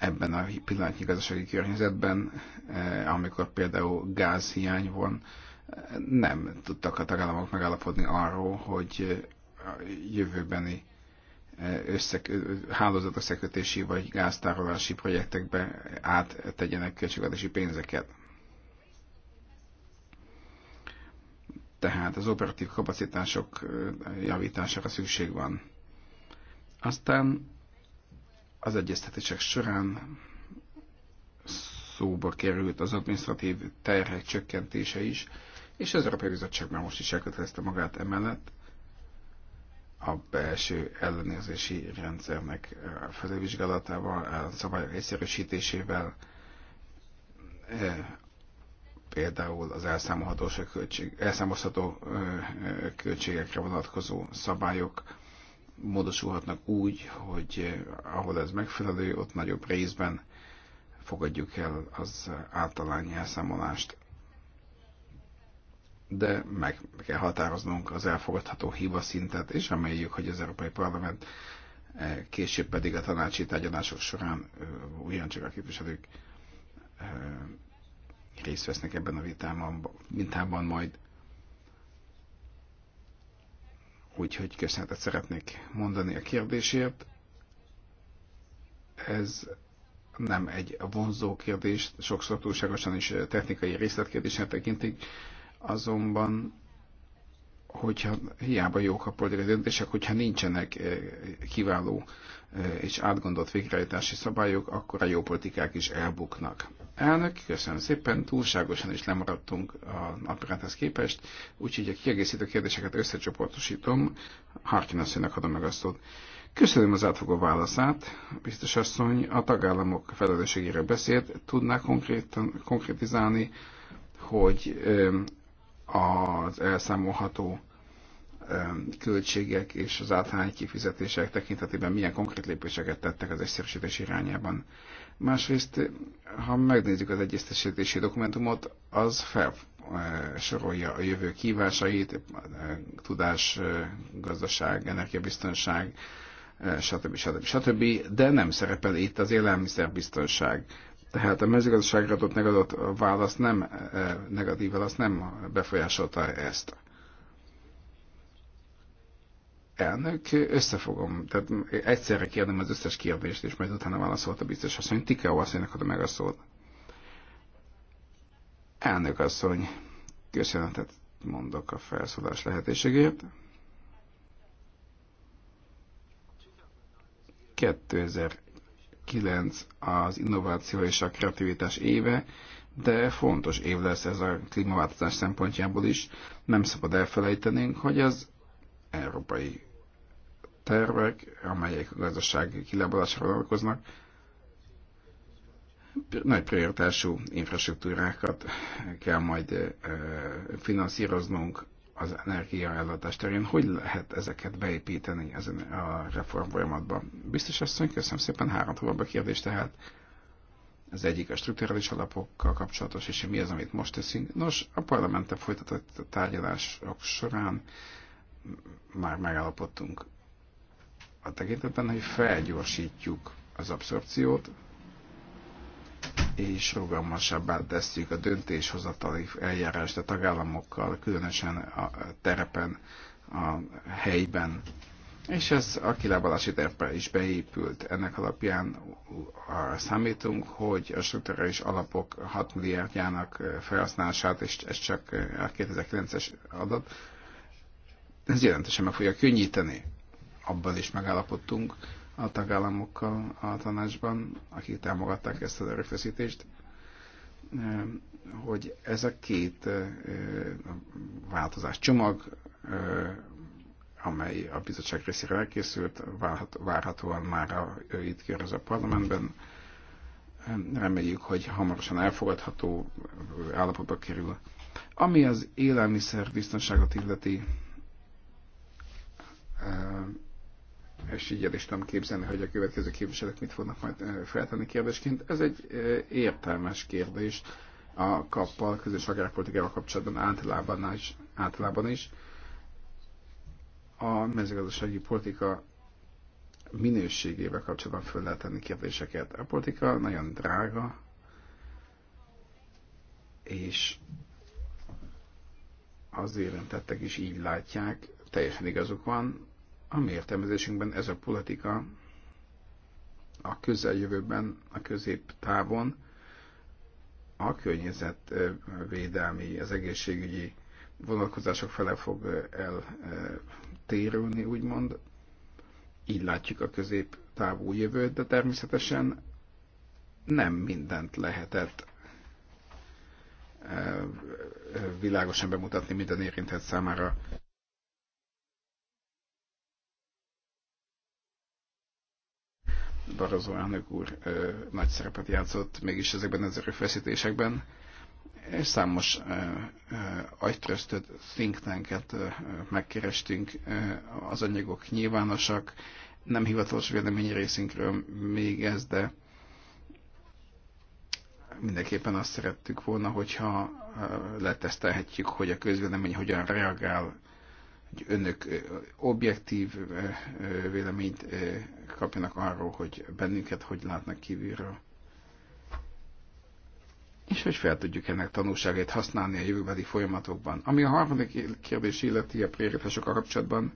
ebben a pillanatnyi gazdasági környezetben, eh, amikor például gázhiány van, eh, nem tudtak a tagállamok megállapodni arról, hogy a eh, jövőbeni összek, hálózat összekötési vagy gáztárolási projektekbe áttegyenek költségvetési pénzeket. Tehát az operatív kapacitások javítására szükség van. Aztán az egyeztetések során szóba került az administratív terhek csökkentése is, és az Európai Bizottság már most is elkötelezte magát emellett a belső ellenőrzési rendszernek felülvizsgálatával, a szabályok egyszerűsítésével, e, például az elszámolható költség, elszámozható költségekre vonatkozó szabályok módosulhatnak úgy, hogy eh, ahol ez megfelelő, ott nagyobb részben fogadjuk el az általány elszámolást. De meg kell határoznunk az elfogadható hiba szintet, és reméljük, hogy az Európai Parlament eh, később pedig a tanácsi tárgyalások során eh, ugyancsak a képviselők részt vesznek ebben a vitában, mintában majd úgyhogy köszönetet szeretnék mondani a kérdésért. Ez nem egy vonzó kérdés, sokszor túlságosan is technikai részletkérdésnek tekintik, azonban hogyha hiába jók a politikai döntések, hogyha nincsenek eh, kiváló eh, és átgondolt végrehajtási szabályok, akkor a jó politikák is elbuknak. Elnök, köszönöm szépen, túlságosan is lemaradtunk a napirendhez képest, úgyhogy a kiegészítő kérdéseket összecsoportosítom, Harkin asszonynak adom meg a szót. Köszönöm az átfogó válaszát, biztos asszony, a tagállamok felelősségére beszélt, tudná konkrétan, konkrétizálni, hogy az elszámolható költségek és az általány kifizetések tekintetében milyen konkrét lépéseket tettek az egyszerűsítés irányában. Másrészt, ha megnézzük az egyeztetési dokumentumot, az felsorolja a jövő kívásait, tudás, gazdaság, energiabiztonság, stb. stb. stb. de nem szerepel itt az élelmiszerbiztonság. Tehát a mezőgazdaságra adott, negatív válasz nem negatív válasz nem befolyásolta ezt elnök, összefogom, tehát egyszerre kérdem az összes kérdést, és majd utána válaszolt a biztos asszony. Tikeo asszonynak adom meg a szót. Elnök asszony, köszönetet mondok a felszólás lehetőségért. 2009 az innováció és a kreativitás éve, de fontos év lesz ez a klímaváltozás szempontjából is. Nem szabad elfelejtenünk, hogy az európai tervek, amelyek a gazdasági kilábalásra vonatkoznak, nagy prioritású infrastruktúrákat kell majd finanszíroznunk az energiaellátás terén. Hogy lehet ezeket beépíteni ezen a reform folyamatban? Biztos asszony, köszönöm szépen, három a kérdés tehát. Az egyik a strukturális alapokkal kapcsolatos, és mi az, amit most teszünk. Nos, a parlamenten folytatott tárgyalások során már megállapodtunk a tekintetben, hogy felgyorsítjuk az abszorpciót, és rugalmasabbá tesszük a döntéshozatali eljárást a tagállamokkal, különösen a terepen, a helyben. És ez a kilábalási terpe is beépült. Ennek alapján arra számítunk, hogy a strukturális alapok 6 milliárdjának felhasználását, és ez csak a 2009-es adat, ez jelentősen meg fogja könnyíteni. Abban is megállapodtunk a tagállamokkal a tanácsban, akik támogatták ezt az erőfeszítést, hogy ez a két változás csomag, amely a bizottság részére elkészült, várhatóan már a, itt kérdez a parlamentben, reméljük, hogy hamarosan elfogadható állapotba kerül. Ami az élelmiszer biztonságot illeti, és így el is tudom képzelni, hogy a következő képviselők mit fognak majd feltenni kérdésként. Ez egy értelmes kérdés a kappal, közös agrárpolitikával kapcsolatban általában is, általában is. A mezőgazdasági politika minőségével kapcsolatban föl lehet tenni kérdéseket. A politika nagyon drága, és az érintettek is így látják, teljesen igazuk van, a mi értelmezésünkben ez a politika a közeljövőben, a középtávon a környezetvédelmi, az egészségügyi vonatkozások fele fog eltérülni, úgymond. Így látjuk a középtávú jövőt, de természetesen nem mindent lehetett világosan bemutatni minden érintett számára. Barozó elnök úr ö, nagy szerepet játszott mégis ezekben az erőfeszítésekben, és számos ö, think tanket ö, megkerestünk, ö, az anyagok nyilvánosak, nem hivatalos vélemény részünkről még ez, de mindenképpen azt szerettük volna, hogyha letesztelhetjük, hogy a közvélemény hogyan reagál hogy önök objektív véleményt kapjanak arról, hogy bennünket hogy látnak kívülről, és hogy fel tudjuk ennek tanulságait használni a jövőbeli folyamatokban. Ami a harmadik kérdés illeti a prioritások kapcsolatban,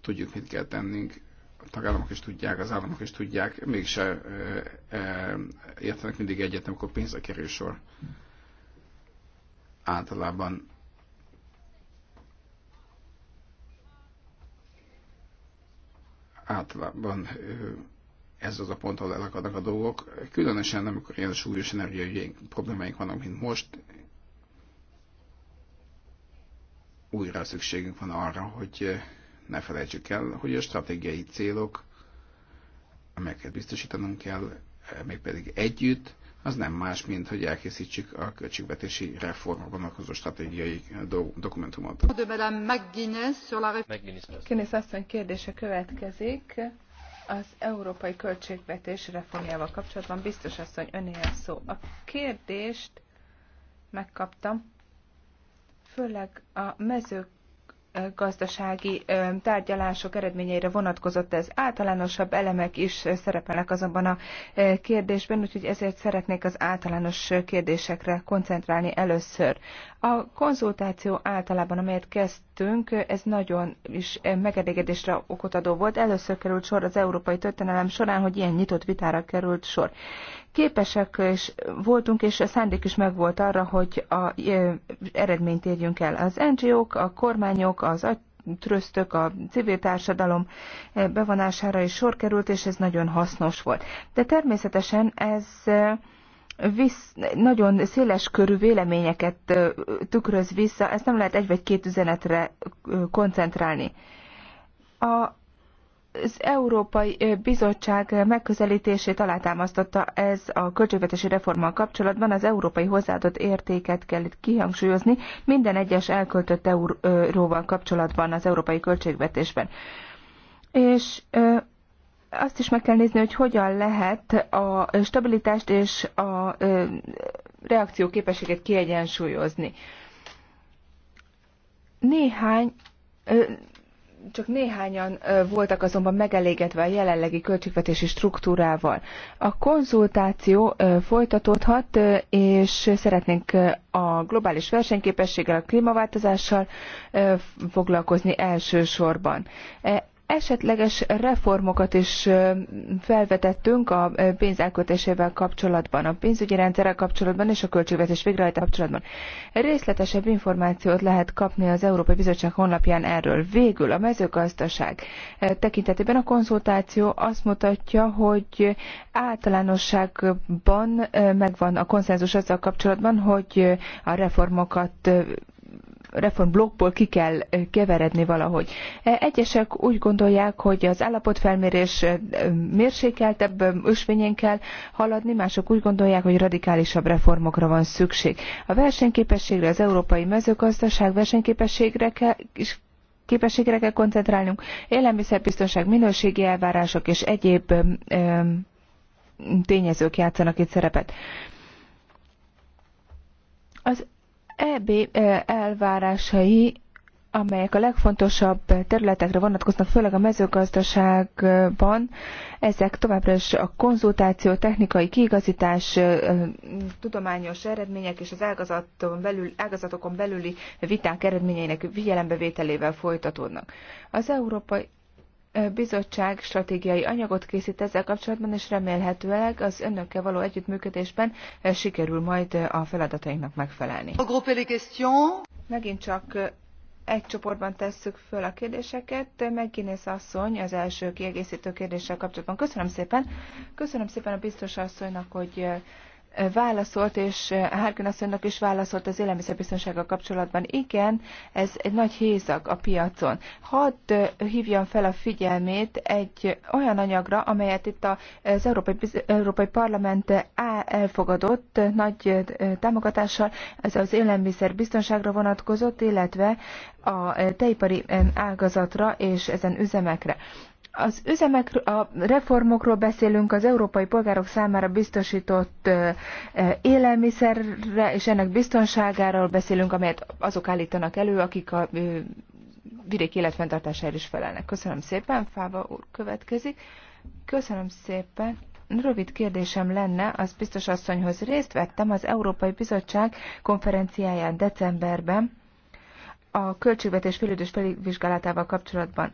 tudjuk, mit kell tennünk, a tagállamok is tudják, az államok is tudják, mégse e, e, értenek mindig egyet, amikor pénzre kerül sor. Általában általában ez az a pont, ahol elakadnak a dolgok, különösen amikor ilyen súlyos energiai problémáink vannak, mint most, újra szükségünk van arra, hogy ne felejtsük el, hogy a stratégiai célok, amelyeket biztosítanunk kell, mégpedig együtt, az nem más, mint hogy elkészítsük a költségvetési reformra vonatkozó stratégiai eh, do dokumentumot. McGuinness asszony kérdése következik. Az európai költségvetés reformjával kapcsolatban biztos asszony öné a szó. A kérdést megkaptam, főleg a mezők gazdasági tárgyalások eredményeire vonatkozott ez. Általánosabb elemek is szerepelnek azonban a kérdésben, úgyhogy ezért szeretnék az általános kérdésekre koncentrálni először. A konzultáció általában, amelyet kezdtünk, ez nagyon is megelégedésre okot adó volt. Először került sor az európai történelem során, hogy ilyen nyitott vitára került sor képesek és voltunk, és a szándék is megvolt arra, hogy a eredményt érjünk el. Az NGO-k, a kormányok, az agy a civil társadalom bevonására is sor került, és ez nagyon hasznos volt. De természetesen ez visz, nagyon széles körű véleményeket tükröz vissza, ezt nem lehet egy vagy két üzenetre koncentrálni. A az Európai Bizottság megközelítését alátámasztotta ez a költségvetési reformmal kapcsolatban. Az európai hozzáadott értéket kell itt kihangsúlyozni minden egyes elköltött euróval kapcsolatban az európai költségvetésben. És azt is meg kell nézni, hogy hogyan lehet a stabilitást és a reakcióképességet kiegyensúlyozni. Néhány csak néhányan voltak azonban megelégedve a jelenlegi költségvetési struktúrával. A konzultáció folytatódhat, és szeretnénk a globális versenyképességgel, a klímaváltozással foglalkozni elsősorban. E, Esetleges reformokat is felvetettünk a pénz elköltésével kapcsolatban, a pénzügyi rendszerrel kapcsolatban és a költségvetés végrehajtá kapcsolatban. Részletesebb információt lehet kapni az Európai Bizottság honlapján erről. Végül a mezőgazdaság tekintetében a konzultáció azt mutatja, hogy általánosságban megvan a konszenzus azzal kapcsolatban, hogy a reformokat reformblokkból ki kell eh, keveredni valahogy. E, egyesek úgy gondolják, hogy az állapotfelmérés eh, mérsékeltebb eh, ösvényen kell haladni, mások úgy gondolják, hogy radikálisabb reformokra van szükség. A versenyképességre, az európai mezőgazdaság versenyképességre kell, képességre kell koncentrálnunk, élelmiszerbiztonság, minőségi elvárások és egyéb tényezők játszanak itt szerepet. Az EB e, elvárásai, amelyek a legfontosabb területekre vonatkoznak, főleg a mezőgazdaságban, ezek továbbra is a konzultáció, technikai kiigazítás, e, e, tudományos eredmények és az ágazaton belül, ágazatokon belüli viták eredményeinek figyelembevételével folytatódnak. Az európai bizottság stratégiai anyagot készít ezzel kapcsolatban, és remélhetőleg az önökkel való együttműködésben sikerül majd a feladatainknak megfelelni. Megint csak egy csoportban tesszük föl a kérdéseket. Megginész asszony az első kiegészítő kérdéssel kapcsolatban. Köszönöm szépen. Köszönöm szépen a biztos asszonynak, hogy válaszolt, és Hárkin eh, asszonynak is válaszolt az élelmiszerbiztonsággal kapcsolatban. Igen, ez egy nagy hézag a piacon. Hadd eh, hívjam fel a figyelmét egy olyan anyagra, amelyet itt az Európai, Európai Parlament eh, elfogadott nagy támogatással, ez az élelmiszerbiztonságra vonatkozott, illetve a tejipari ágazatra és ezen üzemekre. Az üzemek, a reformokról beszélünk, az európai polgárok számára biztosított élelmiszerre és ennek biztonságáról beszélünk, amelyet azok állítanak elő, akik a vidék életfenntartására is felelnek. Köszönöm szépen, Fába úr következik. Köszönöm szépen. Rövid kérdésem lenne, az biztos asszonyhoz részt vettem az Európai Bizottság konferenciáján decemberben a költségvetés félidős felvizsgálatával kapcsolatban.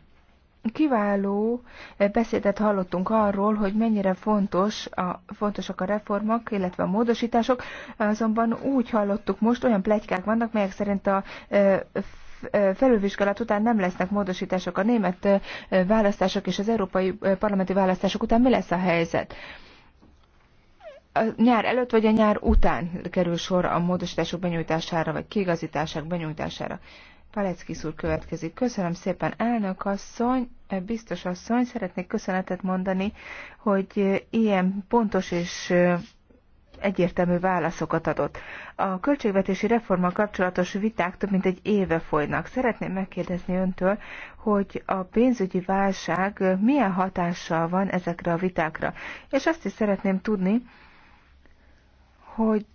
Kiváló eh, beszédet hallottunk arról, hogy mennyire fontos a, fontosak a reformok, illetve a módosítások, azonban úgy hallottuk most, olyan plegykák vannak, melyek szerint a eh, eh, felülvizsgálat után nem lesznek módosítások a német választások és az európai parlamenti választások után mi lesz a helyzet? A nyár előtt vagy a nyár után kerül sor a módosítások benyújtására, vagy kigazítások benyújtására. Palecki úr következik. Köszönöm szépen, elnök asszony, eh, biztos asszony, szeretnék köszönetet mondani, hogy eh, ilyen pontos és eh, egyértelmű válaszokat adott. A költségvetési reformmal kapcsolatos viták több mint egy éve folynak. Szeretném megkérdezni öntől, hogy a pénzügyi válság milyen hatással van ezekre a vitákra. És azt is szeretném tudni, hogy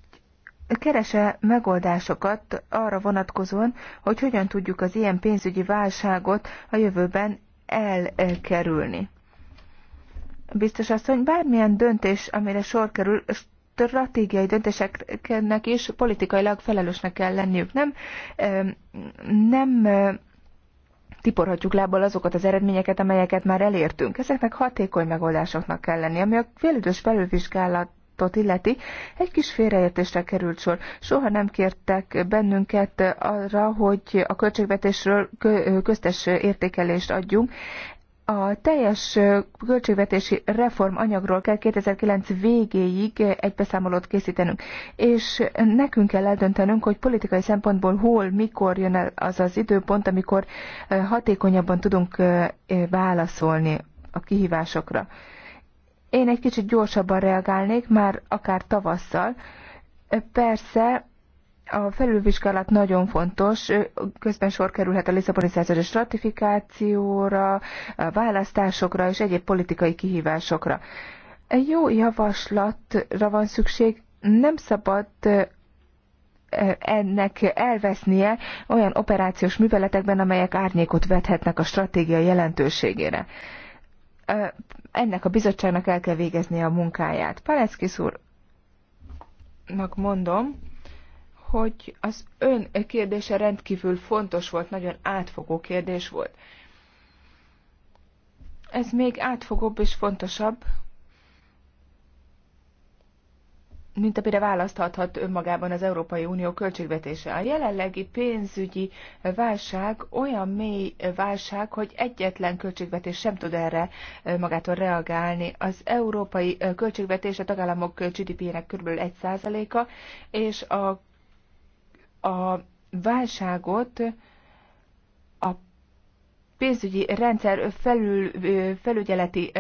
kerese megoldásokat arra vonatkozóan, hogy hogyan tudjuk az ilyen pénzügyi válságot a jövőben elkerülni. Biztos azt hogy bármilyen döntés, amire sor kerül, stratégiai döntéseknek is politikailag felelősnek kell lenniük. Nem, nem tiporhatjuk lábbal azokat az eredményeket, amelyeket már elértünk. Ezeknek hatékony megoldásoknak kell lenni, ami a félidős felülvizsgálat javaslatot illeti, egy kis félreértésre került sor. Soha nem kértek bennünket arra, hogy a költségvetésről köztes értékelést adjunk. A teljes költségvetési reform anyagról kell 2009 végéig egy beszámolót készítenünk, és nekünk kell eldöntenünk, hogy politikai szempontból hol, mikor jön el az az időpont, amikor hatékonyabban tudunk eh, válaszolni a kihívásokra. Én egy kicsit gyorsabban reagálnék, már akár tavasszal. Persze a felülvizsgálat nagyon fontos, közben sor kerülhet a Lisszaboni szerződés ratifikációra, a választásokra és egyéb politikai kihívásokra. Egy jó javaslatra van szükség, nem szabad ennek elvesznie olyan operációs műveletekben, amelyek árnyékot vethetnek a stratégia jelentőségére ennek a bizottságnak el kell végeznie a munkáját. Paleckis úrnak mondom, hogy az ön kérdése rendkívül fontos volt, nagyon átfogó kérdés volt. Ez még átfogóbb és fontosabb, mint amire választhathat önmagában az Európai Unió költségvetése. A jelenlegi pénzügyi válság olyan mély válság, hogy egyetlen költségvetés sem tud erre magától reagálni. Az európai költségvetés a tagállamok GDP-nek kb. 1%-a, és a, a válságot pénzügyi rendszer felül, felügyeleti,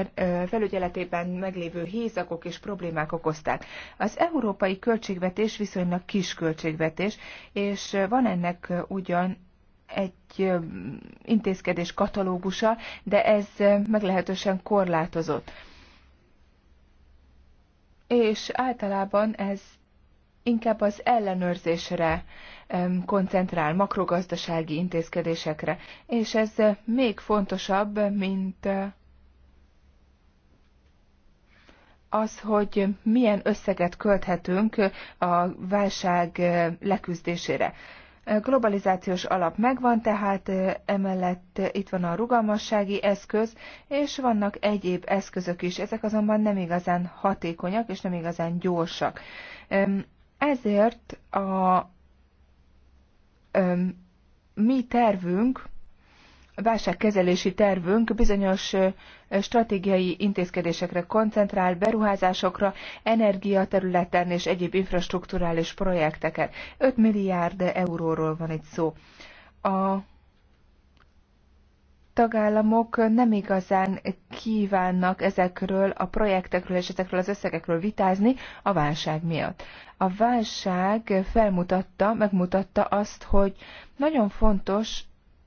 felügyeletében meglévő hézakok és problémák okozták. Az európai költségvetés viszonylag kis költségvetés, és van ennek ugyan egy intézkedés katalógusa, de ez meglehetősen korlátozott. És általában ez inkább az ellenőrzésre koncentrál makrogazdasági intézkedésekre, és ez eh, még fontosabb, mint eh, az, hogy milyen összeget költhetünk eh, a válság leküzdésére. Globalizációs alap megvan, tehát emellett itt van a rugalmassági eszköz, és vannak egyéb eszközök is. Ezek azonban nem igazán hatékonyak és nem igazán gyorsak. Ezért a mi tervünk, a válságkezelési tervünk bizonyos stratégiai intézkedésekre koncentrál, beruházásokra, energiaterületen és egyéb infrastruktúrális projekteken. 5 milliárd euróról van itt szó. A tagállamok nem igazán kívánnak ezekről a projektekről és ezekről az összegekről vitázni a válság miatt. A válság felmutatta, megmutatta azt, hogy nagyon fontos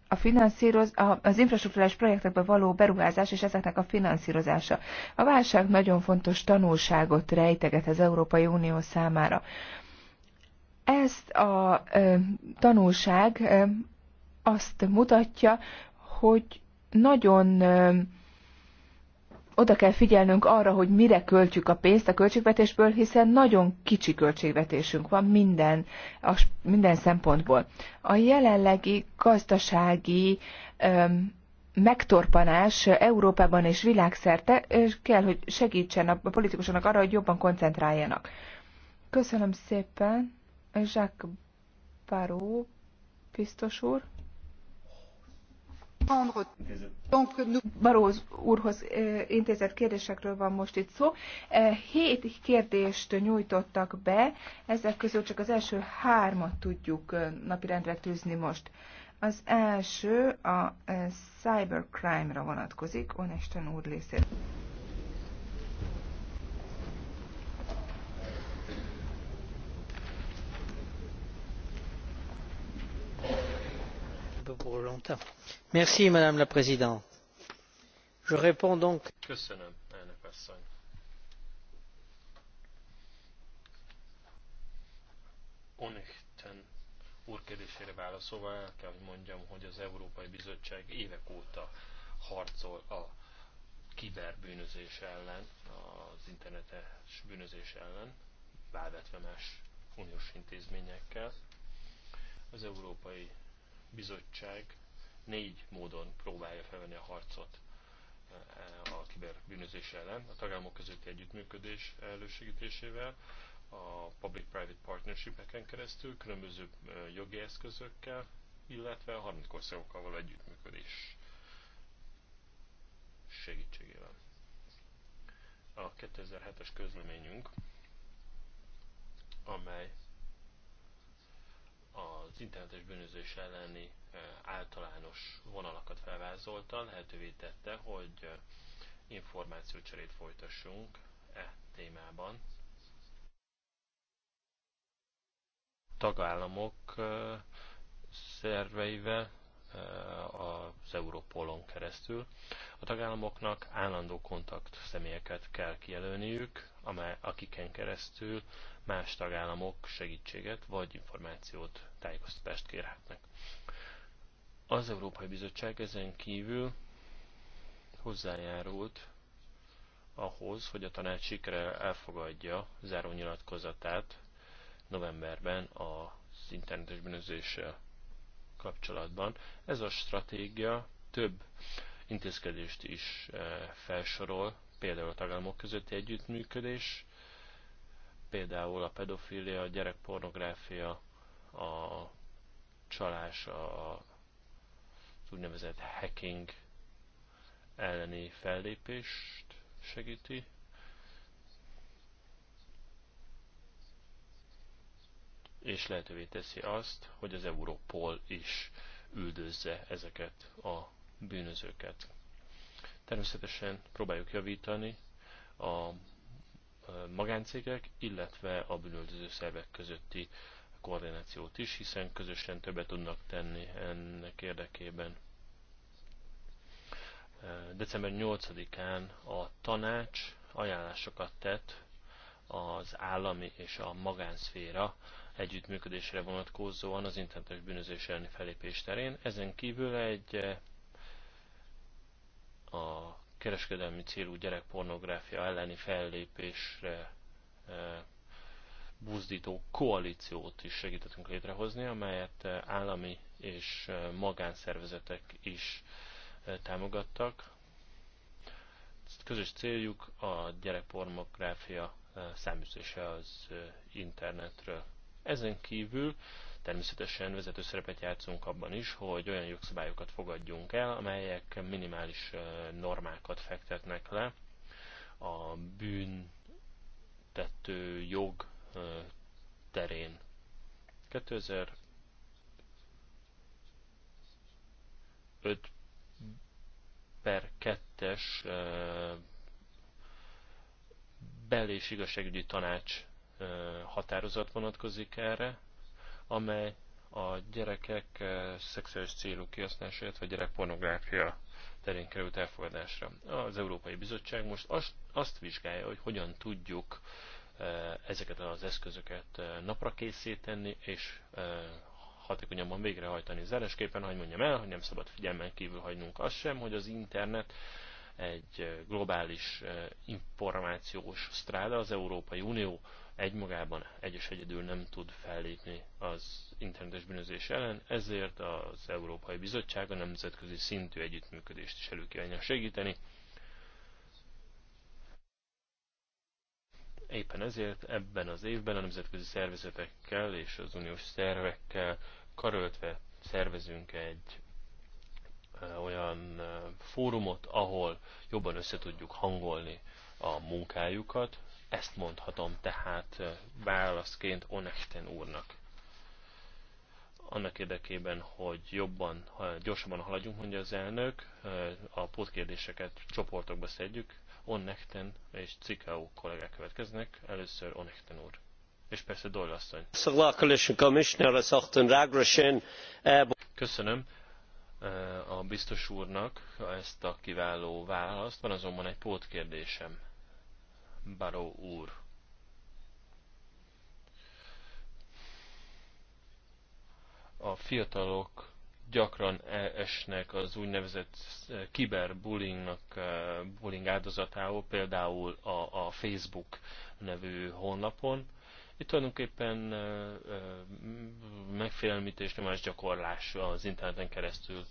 a finanszíroz, az infrastruktúrás projektekbe való beruházás és ezeknek a finanszírozása. A válság nagyon fontos tanulságot rejteget az Európai Unió számára. Ezt a ö, tanulság ö, azt mutatja, hogy nagyon oda kell figyelnünk arra, hogy mire költjük a pénzt a költségvetésből, hiszen nagyon kicsi költségvetésünk van minden, a, minden szempontból. A jelenlegi gazdasági ö, megtorpanás Európában és világszerte és kell, hogy segítsen a politikusoknak arra, hogy jobban koncentráljanak. Köszönöm szépen, Jacques Baró, biztos úr. Baróz úrhoz intézett kérdésekről van most itt szó. Hét kérdést nyújtottak be, ezek közül csak az első hármat tudjuk napirendre tűzni most. Az első a cybercrime-ra vonatkozik, Onesten úr részéről. madame la présidente je réponds donc. köszönöm elnök asszony. Onichten úr kérdésére válaszolva el kell, hogy mondjam, hogy az Európai Bizottság évek óta harcol a kiberbűnözés ellen, az internetes bűnözés ellen, válvetve más uniós intézményekkel. Az Európai bizottság négy módon próbálja felvenni a harcot eh, a kiberbűnözés ellen, a tagállamok közötti együttműködés elősegítésével, a public-private partnershipeken keresztül, különböző eh, jogi eszközökkel, illetve a harmadik országokkal való együttműködés segítségével. A 2007-es közleményünk, amely az internetes bűnözés elleni általános vonalakat felvázolta, lehetővé tette, hogy információcserét folytassunk e témában. Tagállamok szerveivel az Európolon keresztül. A tagállamoknak állandó kontakt személyeket kell kijelölniük, amely, akiken keresztül más tagállamok segítséget vagy információt, tájékoztatást kérhetnek. Az Európai Bizottság ezen kívül hozzájárult ahhoz, hogy a tanács sikere elfogadja zárónyilatkozatát novemberben az internetes bűnözéssel kapcsolatban. Ez a stratégia több intézkedést is eh, felsorol, például a tagállamok közötti együttműködés, például a pedofília, a gyerekpornográfia, a csalás, a, úgynevezett hacking elleni fellépést segíti. És lehetővé teszi azt, hogy az Europol is üldözze ezeket a bűnözőket. Természetesen próbáljuk javítani a magáncégek, illetve a bűnöldöző szervek közötti koordinációt is, hiszen közösen többet tudnak tenni ennek érdekében. December 8-án a tanács ajánlásokat tett az állami és a magánszféra együttműködésre vonatkozóan az internetes bűnözés elleni felépés terén. Ezen kívül egy a kereskedelmi célú gyerekpornográfia elleni fellépésre e, buzdító koalíciót is segítettünk létrehozni, amelyet e, állami és e, magánszervezetek is támogattak. Közös céljuk a gyerekpornográfia száműzése az internetről. Ezen kívül Természetesen vezető szerepet játszunk abban is, hogy olyan jogszabályokat fogadjunk el, amelyek minimális normákat fektetnek le a bűntető jog terén. 2005 per 2-es bel- és igazságügyi tanács határozat vonatkozik erre, amely a gyerekek eh, szexuális célú kihasználásáért vagy gyerekpornográfia terén került elfogadásra. Az Európai Bizottság most azt vizsgálja, hogy hogyan tudjuk eh, ezeket az eszközöket eh, napra készíteni, és hatékonyabban végrehajtani. Zárásképpen, hogy mondjam el, hogy nem szabad figyelmen kívül hagynunk azt sem, hogy az internet egy globális információs stráda, az Európai Unió egymagában egyes egyedül nem tud fellépni az internetes bűnözés ellen, ezért az Európai Bizottság a nemzetközi szintű együttműködést is előkívánja segíteni. Éppen ezért ebben az évben a nemzetközi szervezetekkel és az uniós szervekkel karöltve szervezünk egy olyan fórumot, ahol jobban összetudjuk hangolni a munkájukat, ezt mondhatom tehát válaszként Onechten úrnak. Annak érdekében, hogy jobban, gyorsabban haladjunk, mondja az elnök, a pótkérdéseket csoportokba szedjük. Onnekten és Cikau kollégák következnek, először Onnekten úr. És persze Doyle asszony. Köszönöm a biztos úrnak ezt a kiváló választ. Van azonban egy pótkérdésem Baró úr. A fiatalok gyakran esnek az úgynevezett e, kiberbullyingnak, e, bullying áldozatául, például a, a Facebook nevű honlapon. Itt tulajdonképpen e, megfélemlítés, nyomás gyakorlás az interneten keresztül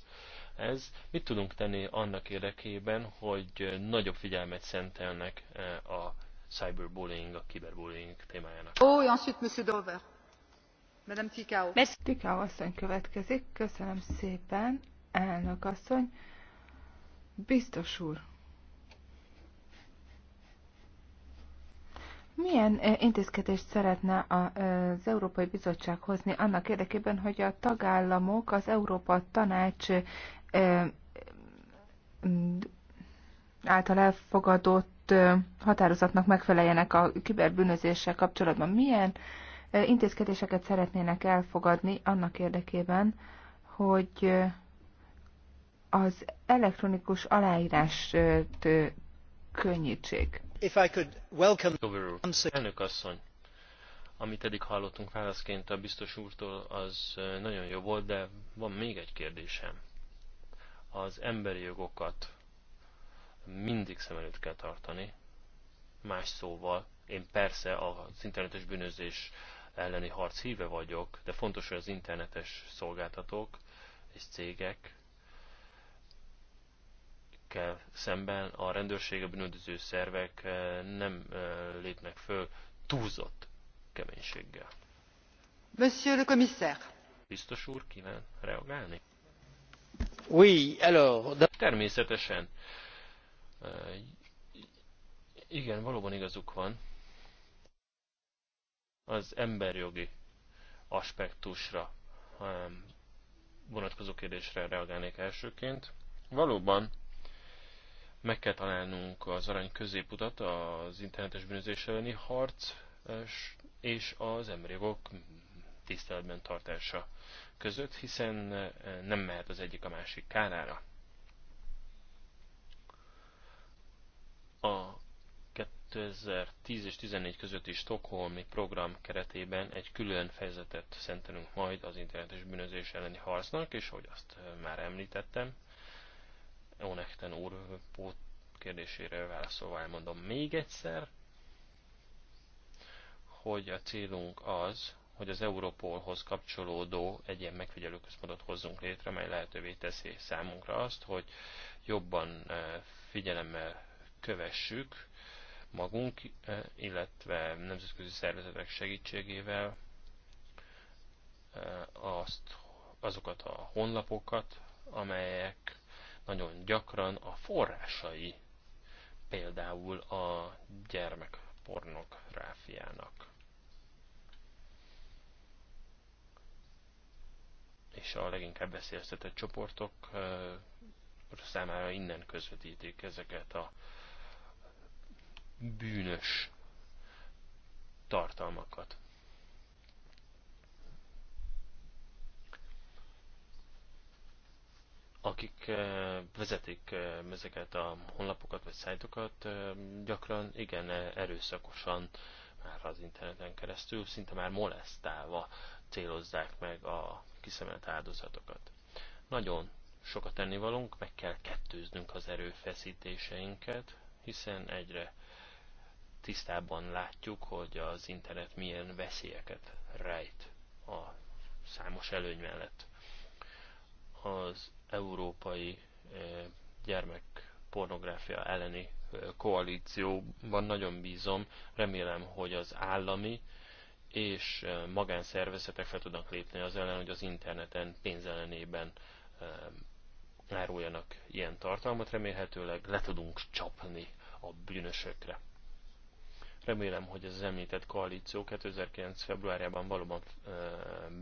ez. Mit tudunk tenni annak érdekében, hogy nagyobb figyelmet szentelnek e, a cyberbullying, a kiberbullying témájának? Ó, oh, ensuite, monsieur Dover. Madame Tikao. Tikao asszony következik. Köszönöm szépen, elnök asszony. Biztos úr. Milyen e, intézkedést szeretne e, az Európai Bizottság hozni annak érdekében, hogy a tagállamok az Európa Tanács által elfogadott határozatnak megfeleljenek a kiberbűnözéssel kapcsolatban. Milyen intézkedéseket szeretnének elfogadni annak érdekében, hogy az elektronikus aláírást könnyítsék. If I could welcome... Elnök asszony, amit eddig hallottunk válaszként a biztos úrtól, az nagyon jó volt, de van még egy kérdésem az emberi jogokat mindig szem előtt kell tartani. Más szóval, én persze az internetes bűnözés elleni harc híve vagyok, de fontos, hogy az internetes szolgáltatók és cégek kell szemben a rendőrség, a bűnöző szervek eh, nem eh, lépnek föl túlzott keménységgel. Monsieur le commissaire! Biztos úr, kíván reagálni? Oui, alors... De... Természetesen. Igen, valóban igazuk van. Az emberjogi aspektusra vonatkozó kérdésre reagálnék elsőként. Valóban meg kell találnunk az arany középutat az internetes bűnözés elleni harc és az emberjogok tiszteletben tartása között, hiszen eh, nem mehet az egyik a másik kárára. A 2010 és 2014 közötti Stockholmi program keretében egy külön fejezetet szentelünk majd az internetes bűnözés elleni harcnak, és hogy azt eh, már említettem, Onekten úr kérdésére válaszolva elmondom még egyszer, hogy a célunk az, hogy az Europolhoz kapcsolódó egy ilyen megfigyelőközpontot hozzunk létre, mely lehetővé teszi számunkra azt, hogy jobban eh, figyelemmel kövessük magunk, eh, illetve nemzetközi szervezetek segítségével eh, azt, azokat a honlapokat, amelyek nagyon gyakran a forrásai például a gyermekpornográfiának. és a leginkább veszélyeztetett csoportok számára innen közvetítik ezeket a bűnös tartalmakat. akik vezetik ezeket a honlapokat vagy szájtokat, gyakran igen erőszakosan már az interneten keresztül, szinte már molesztálva célozzák meg a kiszemelt áldozatokat. Nagyon sokat tennivalunk, meg kell kettőznünk az erőfeszítéseinket, hiszen egyre tisztában látjuk, hogy az internet milyen veszélyeket rejt a számos előny mellett. Az európai eh, gyermek pornográfia elleni koalícióban nagyon bízom, remélem, hogy az állami és magánszervezetek fel tudnak lépni az ellen, hogy az interneten pénzellenében áruljanak ilyen tartalmat, remélhetőleg le tudunk csapni a bűnösökre. Remélem, hogy ez az említett koalíció 2009. februárjában valóban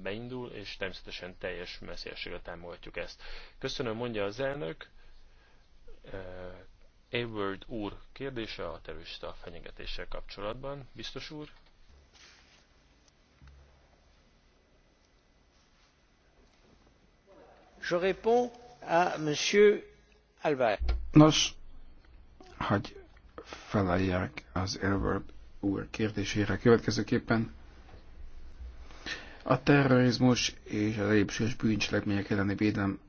beindul, és természetesen teljes messzélséggel támogatjuk ezt. Köszönöm, mondja az elnök. Edward úr kérdése a terrorista fenyegetéssel kapcsolatban. Biztos úr? Je réponds à Monsieur Albert. Nos, hogy feleljek az Edward úr kérdésére következőképpen. A terrorizmus és a lépsős bűncselekmények elleni védelem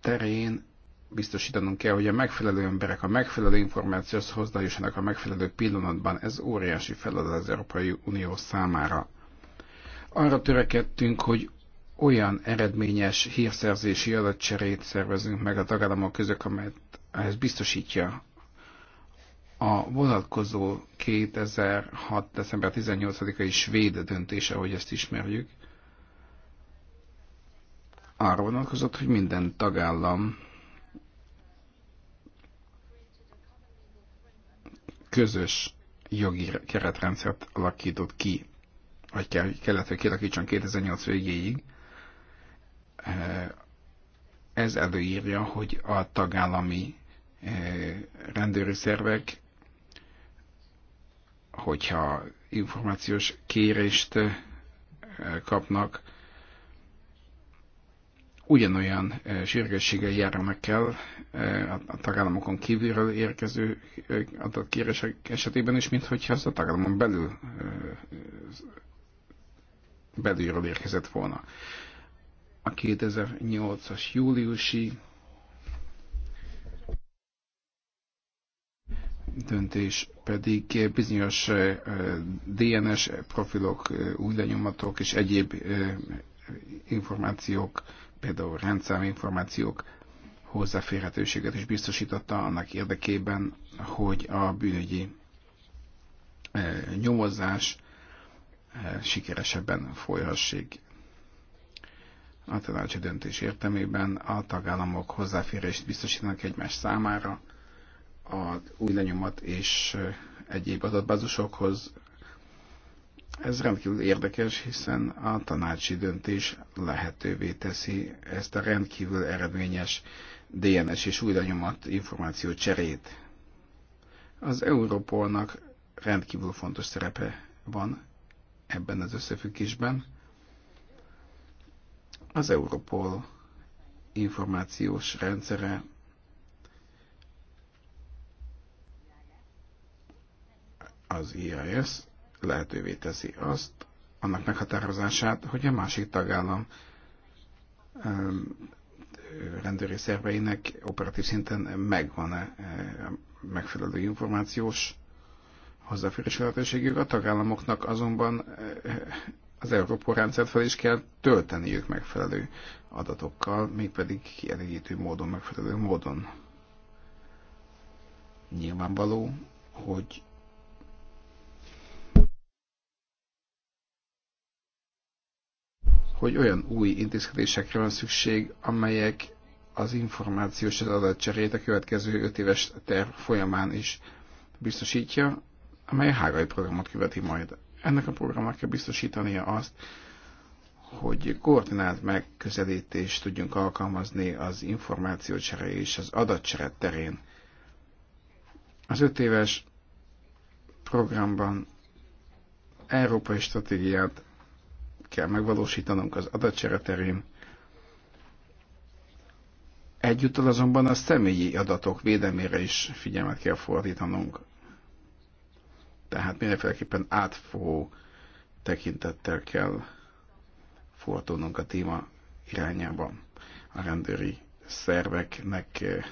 terén biztosítanunk kell, hogy a megfelelő emberek a megfelelő információhoz hozzájussanak a megfelelő pillanatban. Ez óriási feladat az Európai Unió számára. Arra törekedtünk, hogy olyan eredményes hírszerzési adatcserét szervezünk meg a tagállamok között, amelyet ez biztosítja a vonatkozó 2006. december 18-ai svéd döntése, hogy ezt ismerjük, arra vonatkozott, hogy minden tagállam közös jogi keretrendszert alakított ki, vagy kell, kellett, hogy kialakítson 2008 végéig. Ez előírja, hogy a tagállami rendőri szervek, hogyha információs kérést kapnak, ugyanolyan sürgősséggel járnak el a tagállamokon kívülről érkező adatkérések esetében is, mint hogyha az a tagállamon belül belülről érkezett volna. A 2008-as júliusi döntés pedig bizonyos DNS profilok, új lenyomatok és egyéb információk például rendszámi információk hozzáférhetőséget is biztosította annak érdekében, hogy a bűnügyi eh, nyomozás eh, sikeresebben folyhassék. A tanácsi döntés értelmében a tagállamok hozzáférést biztosítanak egymás számára az új lenyomat és eh, egyéb adatbázusokhoz ez rendkívül érdekes, hiszen a tanácsi döntés lehetővé teszi ezt a rendkívül eredményes DNS és újranyomat információ cserét. Az Europolnak rendkívül fontos szerepe van ebben az összefüggésben. Az Europol információs rendszere az IIS lehetővé teszi azt, annak meghatározását, hogy a másik tagállam rendőri szerveinek operatív szinten megvan-e megfelelő információs hozzáférés lehetőségük. A tagállamoknak azonban eh, az Európa rendszert fel is kell tölteniük megfelelő adatokkal, mégpedig kielégítő módon, megfelelő módon. Nyilvánvaló, hogy hogy olyan új intézkedésekre van szükség, amelyek az információs az adatcserét a következő 5 éves terv folyamán is biztosítja, amely a hágai programot követi majd. Ennek a programnak kell biztosítania azt, hogy koordinált megközelítést tudjunk alkalmazni az információcsere és az adatcsere terén. Az öt éves programban európai stratégiát kell megvalósítanunk az adatcsere terén. Egyúttal azonban a személyi adatok védelmére is figyelmet kell fordítanunk. Tehát mindenféleképpen átfogó tekintettel kell fordulnunk a téma irányába. A rendőri szerveknek eh,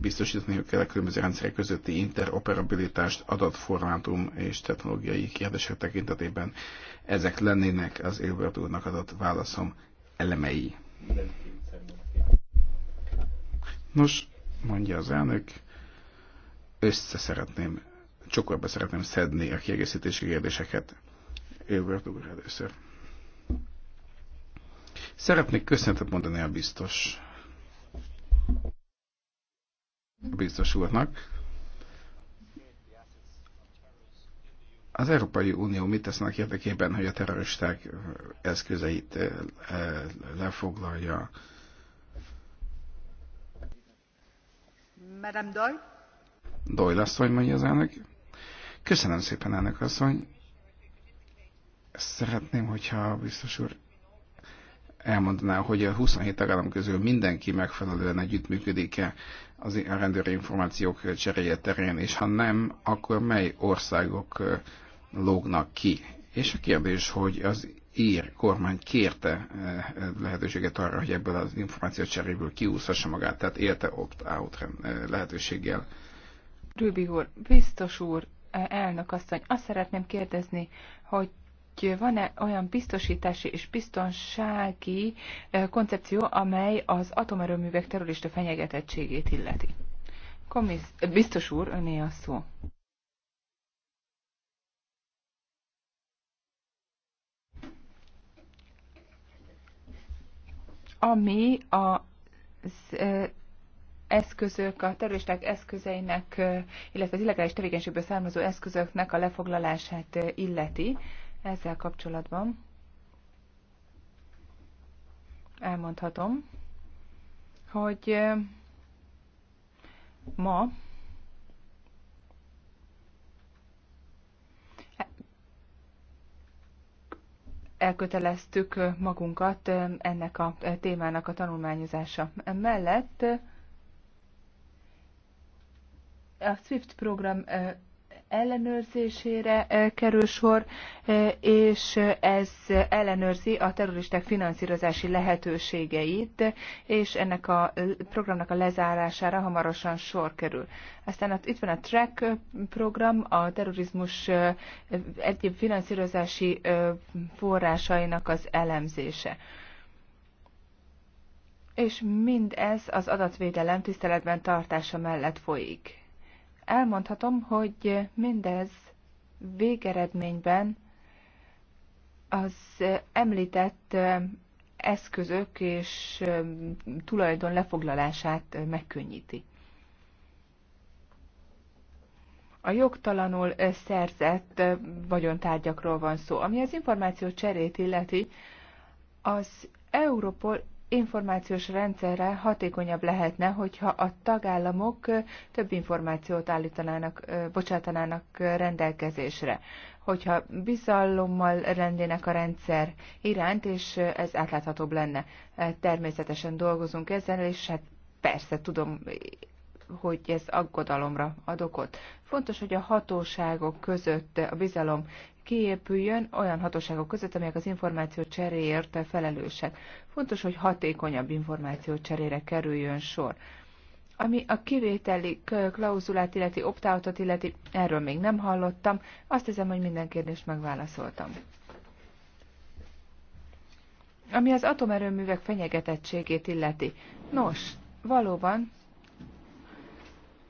biztosítaniuk kell a különböző rendszerek közötti interoperabilitást adatformátum és technológiai kérdések tekintetében. Ezek lennének az Élbert úrnak adott válaszom elemei. Nos, mondja az elnök, össze szeretném, csokorba szeretném szedni a kiegészítési kérdéseket. Élbert úr először. Szeretnék köszöntet mondani a biztos biztos úrnak. Az Európai Unió mit tesznek érdekében, hogy a terroristák eszközeit lefoglalja? Madame Doyle? Doyle asszony, mondja az elnök. Köszönöm szépen, elnök asszony. Szeretném, hogyha biztos úr elmondaná, hogy a 27 tagállam közül mindenki megfelelően együttműködik-e az a rendőri információk cseréje terén, és ha nem, akkor mely országok lógnak ki. És a kérdés, hogy az ír kormány kérte lehetőséget arra, hogy ebből az információ cseréből kiúszhassa magát, tehát élte opt-out lehetőséggel. Rübi úr, biztos úr, e, elnök asszony, azt szeretném kérdezni, hogy hogy van-e olyan biztosítási és biztonsági koncepció, amely az atomerőművek terrorista fenyegetettségét illeti. Komisz, biztos úr, öné a szó. Ami a eszközök, a terroristák eszközeinek, illetve az illegális tevékenységből származó eszközöknek a lefoglalását illeti. Ezzel kapcsolatban elmondhatom, hogy ma elköteleztük magunkat ennek a témának a tanulmányozása mellett. A SWIFT program ellenőrzésére eh, kerül sor, eh, és ez ellenőrzi a terroristák finanszírozási lehetőségeit, és ennek a programnak a lezárására hamarosan sor kerül. Aztán itt van a TRACK eh, program, a terrorizmus egyéb finanszírozási forrásainak az elemzése és mindez az adatvédelem tiszteletben tartása mellett folyik elmondhatom, hogy mindez végeredményben az említett eszközök és tulajdon lefoglalását megkönnyíti. A jogtalanul szerzett vagyontárgyakról van szó. Ami az információ cserét illeti, az Europol információs rendszerre hatékonyabb lehetne, hogyha a tagállamok több információt állítanának, bocsátanának rendelkezésre, hogyha bizalommal rendének a rendszer iránt, és ez átláthatóbb lenne. Természetesen dolgozunk ezzel, és hát persze tudom, hogy ez aggodalomra ad okot. Fontos, hogy a hatóságok között a bizalom kiépüljön olyan hatóságok között, amelyek az információ cseréért felelősek. Fontos, hogy hatékonyabb információ cserére kerüljön sor. Ami a kivételi klauzulát illeti, optautot illeti, erről még nem hallottam. Azt hiszem, hogy minden kérdést megválaszoltam. Ami az atomerőművek fenyegetettségét illeti. Nos, valóban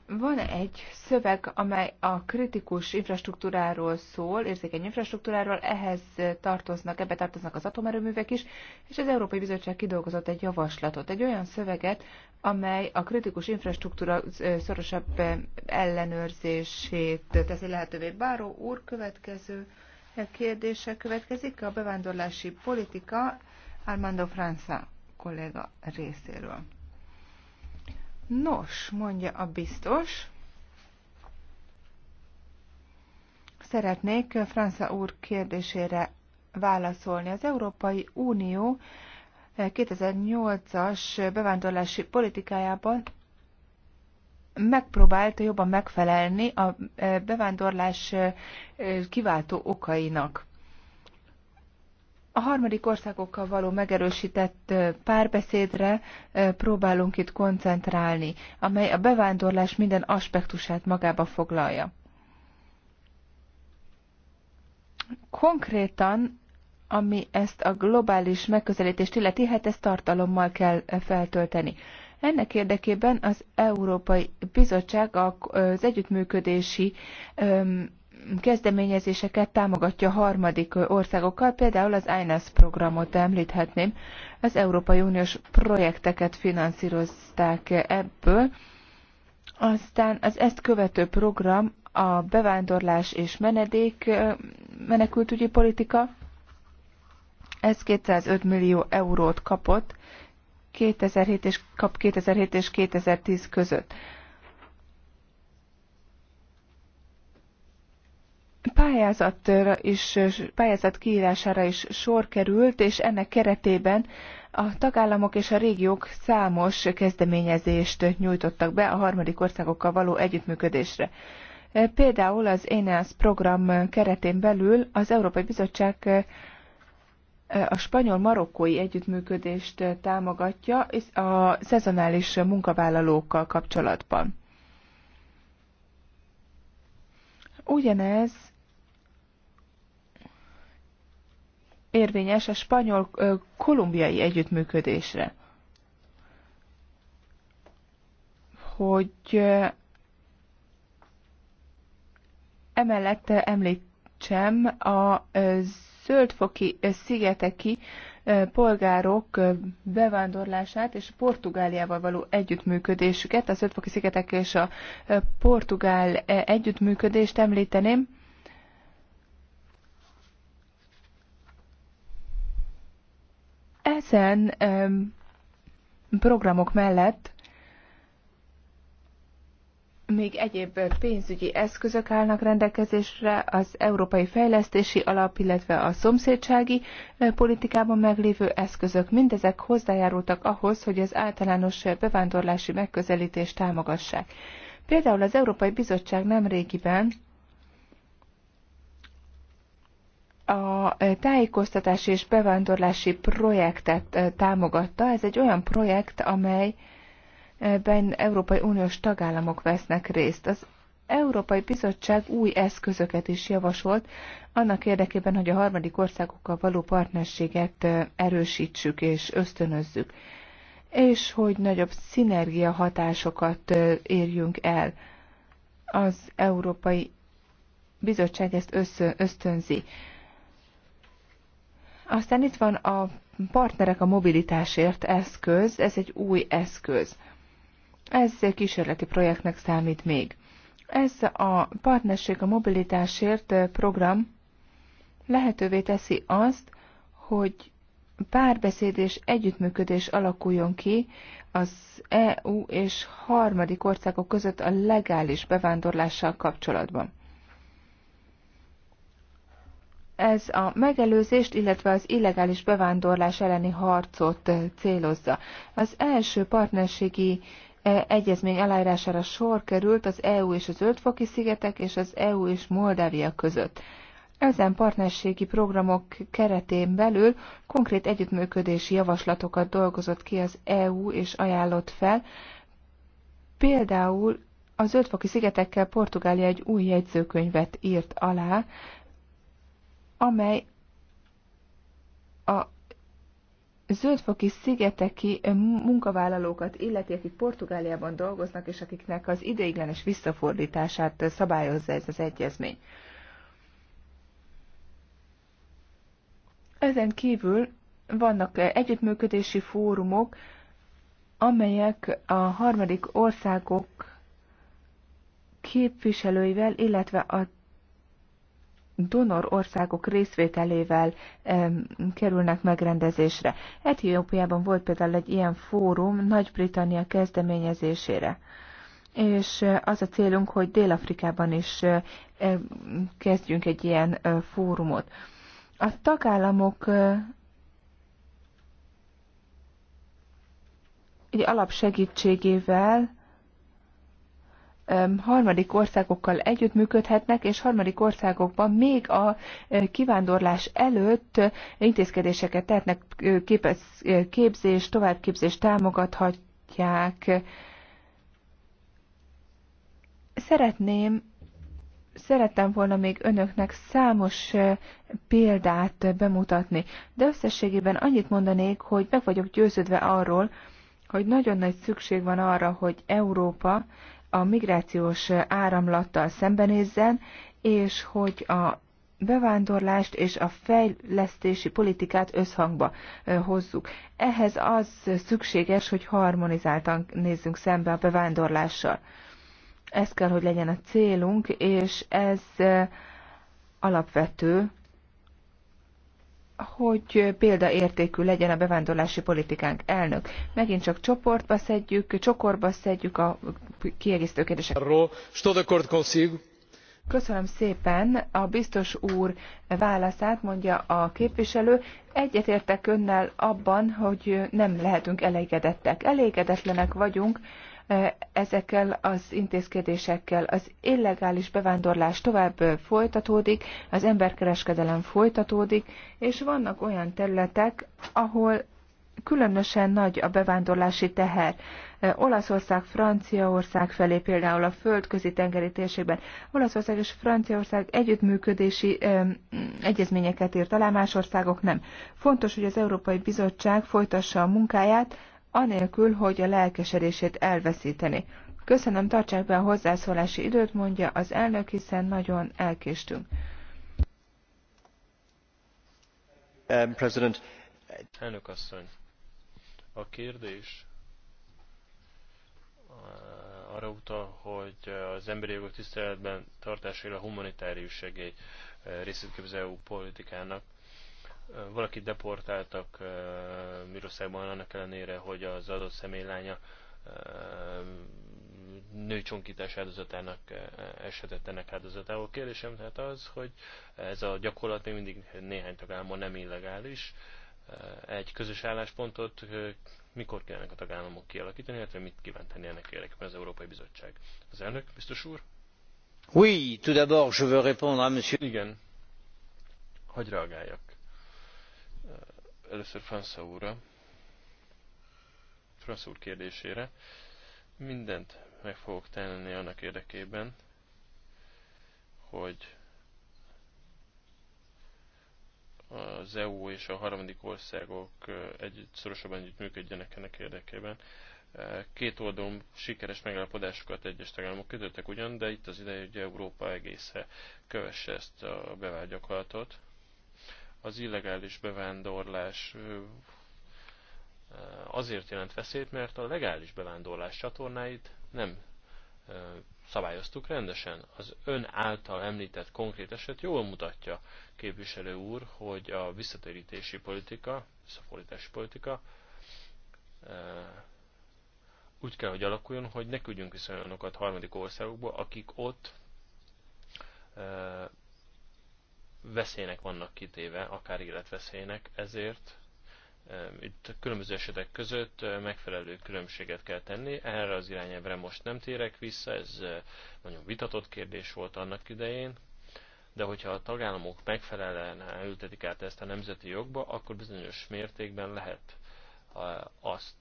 van egy szöveg, amely a kritikus infrastruktúráról szól, érzékeny infrastruktúráról, ehhez tartoznak, ebbe tartoznak az atomerőművek is, és az Európai Bizottság kidolgozott egy javaslatot, egy olyan szöveget, amely a kritikus infrastruktúra szorosabb ellenőrzését teszi lehetővé. Báró úr, következő kérdése következik, a bevándorlási politika Armando Franza kolléga részéről. Nos, mondja a biztos, szeretnék Franza úr kérdésére válaszolni. Az Európai Unió 2008-as bevándorlási politikájában megpróbálta jobban megfelelni a bevándorlás kiváltó okainak. A harmadik országokkal való megerősített párbeszédre próbálunk itt koncentrálni, amely a bevándorlás minden aspektusát magába foglalja. Konkrétan, ami ezt a globális megközelítést illeti, hát ezt tartalommal kell feltölteni. Ennek érdekében az Európai Bizottság az együttműködési kezdeményezéseket támogatja harmadik országokkal, például az INES programot említhetném. Az Európai Uniós projekteket finanszírozták ebből. Aztán az ezt követő program a bevándorlás és menedék menekültügyi politika. Ez 205 millió eurót kapott 2007 és, kap 2007 és 2010 között. pályázatra is, pályázat kiírására is sor került, és ennek keretében a tagállamok és a régiók számos kezdeményezést nyújtottak be a harmadik országokkal való együttműködésre. Például az ENEAS program keretén belül az Európai Bizottság a spanyol-marokkói együttműködést támogatja a szezonális munkavállalókkal kapcsolatban. Ugyanez érvényes a spanyol-kolumbiai együttműködésre. Hogy emellett említsem a zöldfoki szigeteki polgárok bevándorlását és Portugáliával való együttműködésüket, a zöldfoki szigetek és a portugál együttműködést említeném Ezen programok mellett még egyéb pénzügyi eszközök állnak rendelkezésre az Európai Fejlesztési Alap, illetve a szomszédsági politikában meglévő eszközök. Mindezek hozzájárultak ahhoz, hogy az általános bevándorlási megközelítést támogassák. Például az Európai Bizottság nemrégiben a tájékoztatási és bevándorlási projektet támogatta. Ez egy olyan projekt, amelyben Európai Uniós tagállamok vesznek részt. Az Európai Bizottság új eszközöket is javasolt, annak érdekében, hogy a harmadik országokkal való partnerséget erősítsük és ösztönözzük, és hogy nagyobb szinergia hatásokat érjünk el. Az Európai Bizottság ezt ösztönzi. Aztán itt van a partnerek a mobilitásért eszköz, ez egy új eszköz. Ez egy kísérleti projektnek számít még. Ez a partnerség a mobilitásért program lehetővé teszi azt, hogy párbeszéd és együttműködés alakuljon ki az EU és harmadik országok között a legális bevándorlással kapcsolatban ez a megelőzést, illetve az illegális bevándorlás elleni harcot eh, célozza. Az első partnerségi eh, egyezmény aláírására sor került az EU és az Öltfoki szigetek és az EU és Moldávia között. Ezen partnerségi programok keretén belül konkrét együttműködési javaslatokat dolgozott ki az EU és ajánlott fel, például az Öltfoki szigetekkel Portugália egy új jegyzőkönyvet írt alá, amely a zöldfoki szigeteki munkavállalókat illeti, akik Portugáliában dolgoznak, és akiknek az ideiglenes visszafordítását szabályozza ez az egyezmény. Ezen kívül vannak együttműködési fórumok, amelyek a harmadik országok képviselőivel, illetve a donor országok részvételével em, kerülnek megrendezésre. Etiópiában volt például egy ilyen fórum Nagy-Britannia kezdeményezésére. És az a célunk, hogy Dél-Afrikában is kezdjünk egy ilyen fórumot. A tagállamok egy alapsegítségével harmadik országokkal együttműködhetnek, és harmadik országokban még a kivándorlás előtt intézkedéseket tehetnek, képzés, továbbképzést támogathatják. Szeretném szerettem volna még önöknek számos példát bemutatni, de összességében annyit mondanék, hogy meg vagyok győződve arról, hogy nagyon nagy szükség van arra, hogy Európa a migrációs áramlattal szembenézzen, és hogy a bevándorlást és a fejlesztési politikát összhangba hozzuk. Ehhez az szükséges, hogy harmonizáltan nézzünk szembe a bevándorlással. Ez kell, hogy legyen a célunk, és ez alapvető hogy példaértékű legyen a bevándorlási politikánk elnök. Megint csak csoportba szedjük, csokorba szedjük a kiegészítő kérdéseket. Köszönöm szépen a biztos úr válaszát, mondja a képviselő. Egyetértek önnel abban, hogy nem lehetünk elégedettek. Elégedetlenek vagyunk E, ezekkel az intézkedésekkel. Az illegális bevándorlás tovább e, folytatódik, az emberkereskedelem folytatódik, és vannak olyan területek, ahol különösen nagy a bevándorlási teher. E, Olaszország, Franciaország felé például a földközi tengeri térségben. Olaszország és Franciaország együttműködési ö, egyezményeket írt alá, más országok nem. Fontos, hogy az Európai Bizottság folytassa a munkáját, anélkül, hogy a lelkesedését elveszíteni. Köszönöm, tartsák be a hozzászólási időt, mondja az elnök, hiszen nagyon elkéstünk. Um, President. Elnök asszony, a kérdés uh, arra utal, hogy az emberi jogok tiszteletben tartására a humanitárius segély uh, részét képzelő politikának valakit deportáltak Miroszágban annak ellenére, hogy az adott személy lánya nőcsonkítás áldozatának esetett ennek áldozatával. Kérdésem tehát az, hogy ez a gyakorlat még mindig néhány tagállamon nem illegális. Egy közös álláspontot mikor kellene a tagállamok kialakítani, illetve mit kíván tenni ennek érdekében az Európai Bizottság? Az elnök, biztos úr? Oui, tout d'abord je veux répondre à monsieur. Igen. Hogy reagáljak? Először Fransza úrra, Fransza úr kérdésére. Mindent meg fogok tenni annak érdekében, hogy az EU és a harmadik országok együtt, szorosabban együtt működjenek ennek érdekében. Két oldalon sikeres megállapodásokat egyes tagállamok kötöttek ugyan, de itt az ideje, hogy Európa egészen kövesse ezt a bevált gyakorlatot az illegális bevándorlás azért jelent veszélyt, mert a legális bevándorlás csatornáit nem szabályoztuk rendesen. Az ön által említett konkrét eset jól mutatja, képviselő úr, hogy a visszatérítési politika, visszafordítási politika úgy kell, hogy alakuljon, hogy ne küldjünk vissza olyanokat harmadik országokba, akik ott veszélynek vannak kitéve, akár életveszélynek, ezért itt különböző esetek között eh, megfelelő különbséget kell tenni. Erre az irányelvre most nem térek vissza, ez eh, nagyon vitatott kérdés volt annak idején, de hogyha a tagállamok megfelelően ültetik át ezt a nemzeti jogba, akkor bizonyos mértékben lehet azt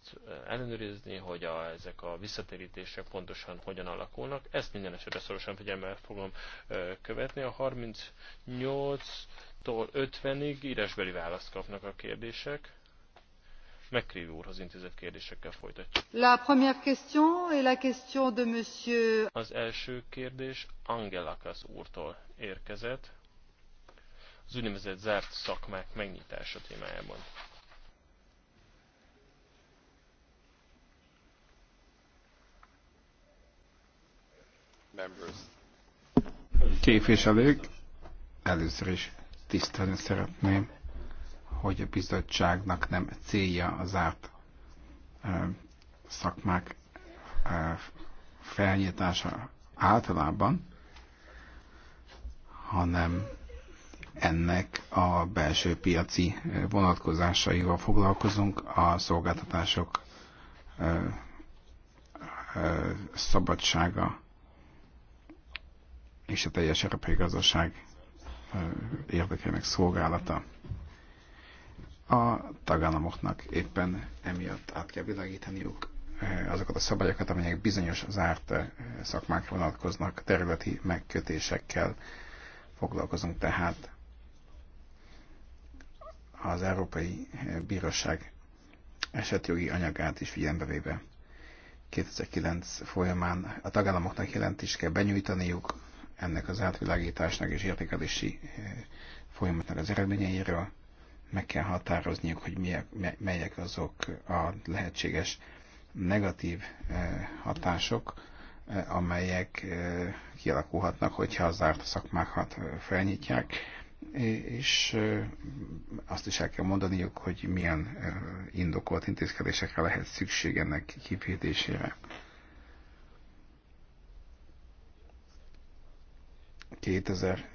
ellenőrizni, hogy a, ezek a visszatérítések pontosan hogyan alakulnak. Ezt minden esetre szorosan figyelmel fogom követni. A 38-tól 50-ig írásbeli választ kapnak a kérdések. McCreevy úrhoz intézett kérdésekkel folytatjuk. La première question est la question de monsieur... Az első kérdés az úrtól érkezett az úgynevezett zárt szakmák megnyitása témájában. Képviselők, először is tisztelni szeretném, hogy a bizottságnak nem célja az árt szakmák felnyitása általában, hanem ennek a belső piaci vonatkozásaival foglalkozunk, a szolgáltatások szabadsága és a teljes európai gazdaság érdekének szolgálata. A tagállamoknak éppen emiatt át kell világítaniuk azokat a szabályokat, amelyek bizonyos zárt szakmákra vonatkoznak, területi megkötésekkel foglalkozunk tehát. Az Európai Bíróság esetjogi anyagát is figyelembe véve 2009 folyamán a tagállamoknak is kell benyújtaniuk ennek az átvilágításnak és értékelési eh, folyamatnak az eredményeiről. Meg kell határozniuk, hogy melyek azok a lehetséges negatív eh, hatások, eh, amelyek kialakulhatnak, hogyha az zárt szakmákat felnyitják, és azt is el kell mondaniuk, hogy milyen indokolt intézkedésekre lehet szükség ennek kivédésére. 2010.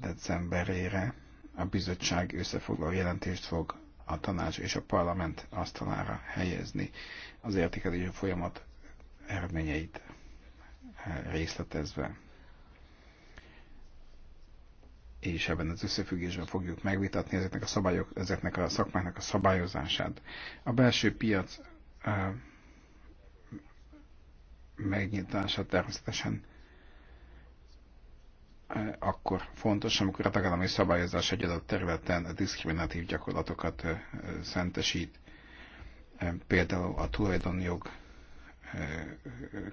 decemberére a bizottság összefoglaló jelentést fog a tanács és a parlament asztalára helyezni az értékelési folyamat eredményeit eh, részletezve. És ebben az összefüggésben fogjuk megvitatni ezeknek a, szabályok, ezeknek a szakmáknak a szabályozását. A belső piac eh, megnyitása természetesen akkor fontos, amikor a tagállami szabályozás egy adott területen a diszkriminatív gyakorlatokat szentesít, például a tulajdonjog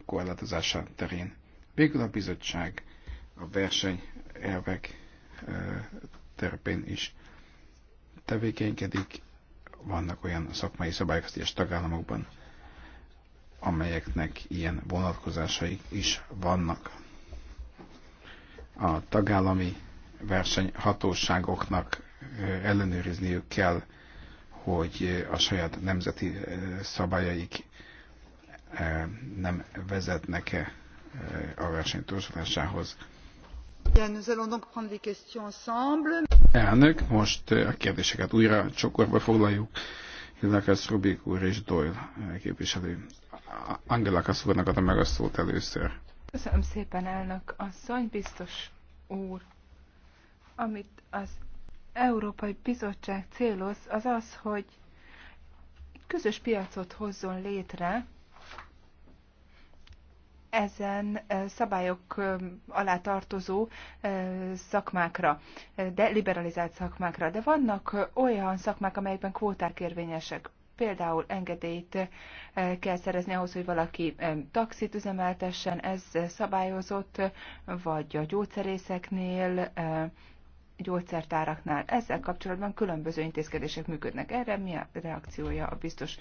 korlátozása terén. Végül a bizottság a verseny elvek terpén is tevékenykedik. Vannak olyan szakmai szabályozás tagállamokban, amelyeknek ilyen vonatkozásai is vannak a tagállami versenyhatóságoknak ellenőrizniük kell, hogy a saját nemzeti szabályaik nem vezetnek-e a verseny túlzódásához. Elnök, most a kérdéseket újra csokorba foglaljuk. Hildakás Rubik úr és Doyle képviselő. Angela Kasszúrnak adom meg a szót először. Köszönöm szépen, elnök asszony, biztos úr. Amit az Európai Bizottság céloz, az az, hogy közös piacot hozzon létre, ezen szabályok alá tartozó szakmákra, de liberalizált szakmákra. De vannak olyan szakmák, amelyekben kvóták érvényesek. Például engedélyt eh, kell szerezni ahhoz, hogy valaki eh, taxit üzemeltessen, ez szabályozott, vagy a gyógyszerészeknél, eh, gyógyszertáraknál. Ezzel kapcsolatban különböző intézkedések működnek. Erre mi a reakciója a biztos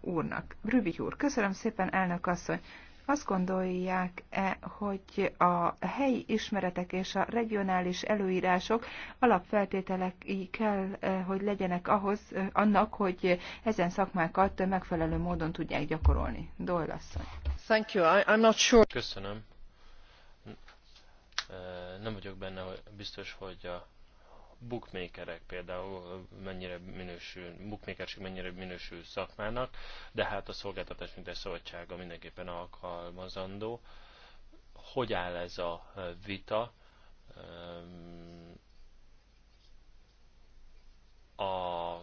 úrnak? Rübik úr, köszönöm szépen, elnök asszony. Azt gondolják-e, hogy a helyi ismeretek és a regionális előírások alapfeltételek kell, eh, hogy legyenek ahhoz, eh, annak, hogy ezen szakmákat megfelelő módon tudják gyakorolni? Dole asszony. Thank you. I, I'm not sure. Köszönöm. Eh, nem vagyok benne biztos, hogy a bookmakerek például mennyire minősül, bookmakerség mennyire minősül szakmának, de hát a szolgáltatás mint egy szabadsága mindenképpen alkalmazandó. Hogy áll ez a vita? a,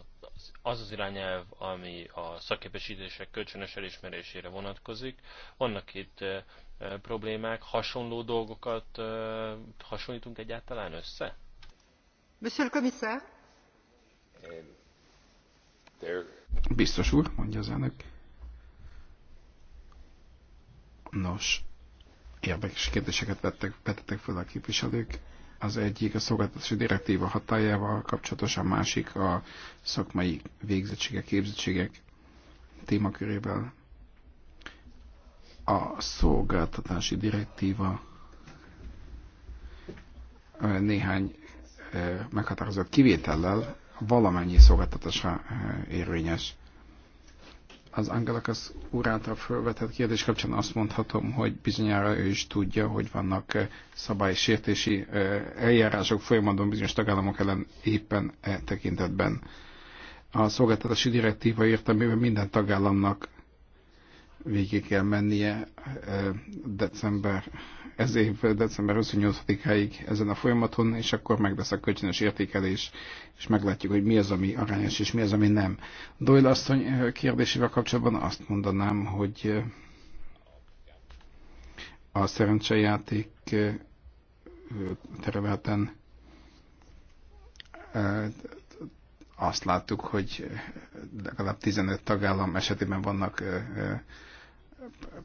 az az irányelv, ami a szakképesítések kölcsönös elismerésére vonatkozik. Vannak itt e, problémák, hasonló dolgokat e, hasonlítunk egyáltalán össze? Monsieur le commissaire. Biztos úr, mondja az elnök. Nos, érdekes kérdéseket vettek, vetettek fel a képviselők. Az egyik a szolgáltatási direktíva hatájával kapcsolatos, a másik a szakmai végzettségek, képzettségek témakörével. A szolgáltatási direktíva néhány meghatározott kivétellel valamennyi szolgáltatásra érvényes. Az Angelakas úr által felvetett kérdés kapcsán azt mondhatom, hogy bizonyára ő is tudja, hogy vannak szabálysértési eljárások folyamatban bizonyos tagállamok ellen éppen e tekintetben. A szolgáltatási direktíva értelmében minden tagállamnak végig kell mennie december, ez év december 28-áig ezen a folyamaton, és akkor meg lesz a kölcsönös értékelés, és meglátjuk, hogy mi az, ami arányos, és mi az, ami nem. Doyle asszony kérdésével kapcsolatban azt mondanám, hogy a szerencsejáték területen azt láttuk, hogy legalább 15 tagállam esetében vannak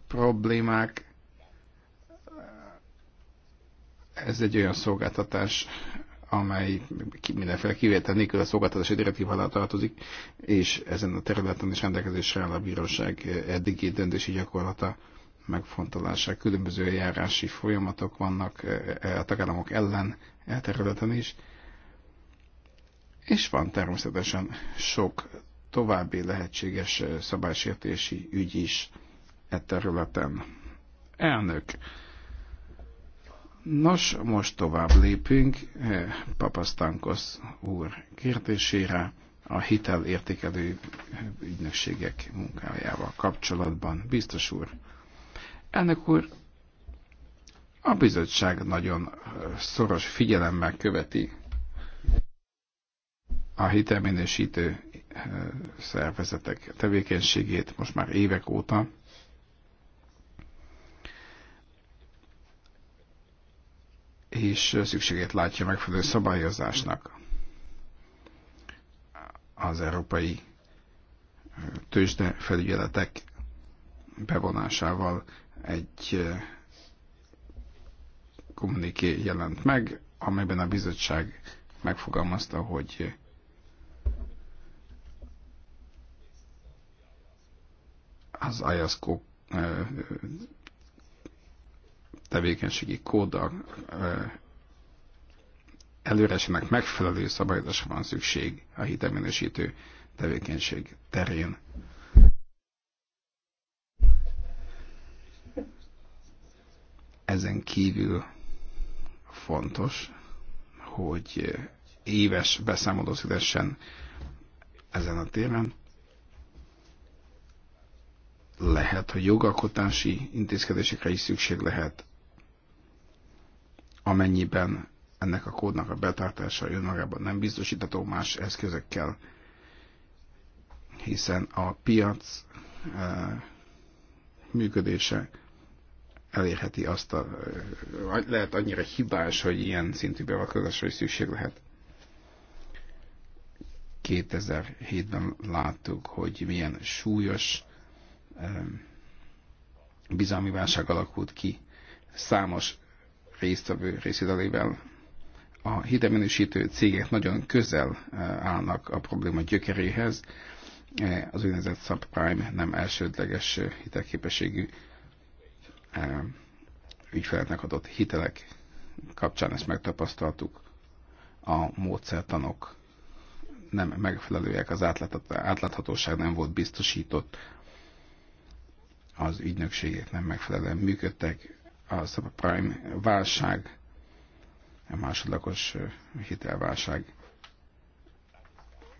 problémák. Ez egy olyan szolgáltatás, amely mindenféle kivétel nélkül a szolgáltatási direktív alá tartozik, és ezen a területen is rendelkezésre áll a bíróság eddigi döntési gyakorlata megfontolása. Különböző járási folyamatok vannak e, e, a tagállamok ellen e területen is, és van természetesen sok további lehetséges e, szabálysértési ügy is e területen. Elnök, nos, most tovább lépünk eh, Papasztánkosz úr kérdésére a hitelértékelő eh, ügynökségek munkájával kapcsolatban. Biztos úr, elnök úr, a bizottság nagyon eh, szoros figyelemmel követi a hitelminősítő szervezetek tevékenységét most már évek óta. és szükségét látja megfelelő szabályozásnak az európai tőzsde felügyeletek bevonásával egy kommuniké jelent meg, amelyben a bizottság megfogalmazta, hogy az IASCO tevékenységi kóddal előresenek megfelelő szabályozásra van szükség a hitelminősítő tevékenység terén. Ezen kívül fontos, hogy éves beszámoló szülessen ezen a téren. Lehet, hogy jogalkotási intézkedésekre is szükség lehet amennyiben ennek a kódnak a betartása önmagában nem biztosítható más eszközökkel, hiszen a piac e, működése elérheti azt a, e, lehet annyira hibás, hogy ilyen szintű beavatkozásra is szükség lehet. 2007-ben láttuk, hogy milyen súlyos e, bizalmi válság alakult ki számos résztvevő részvételével a hitelminősítő cégek nagyon közel eh, állnak a probléma gyökeréhez. Eh, az úgynevezett subprime nem elsődleges eh, hitelképességű ügyfeleknek adott hitelek kapcsán ezt megtapasztaltuk. A módszertanok nem megfelelőek, az átláthatóság nem volt biztosított, az ügynökségek nem megfelelően működtek, a subprime válság, a másodlagos hitelválság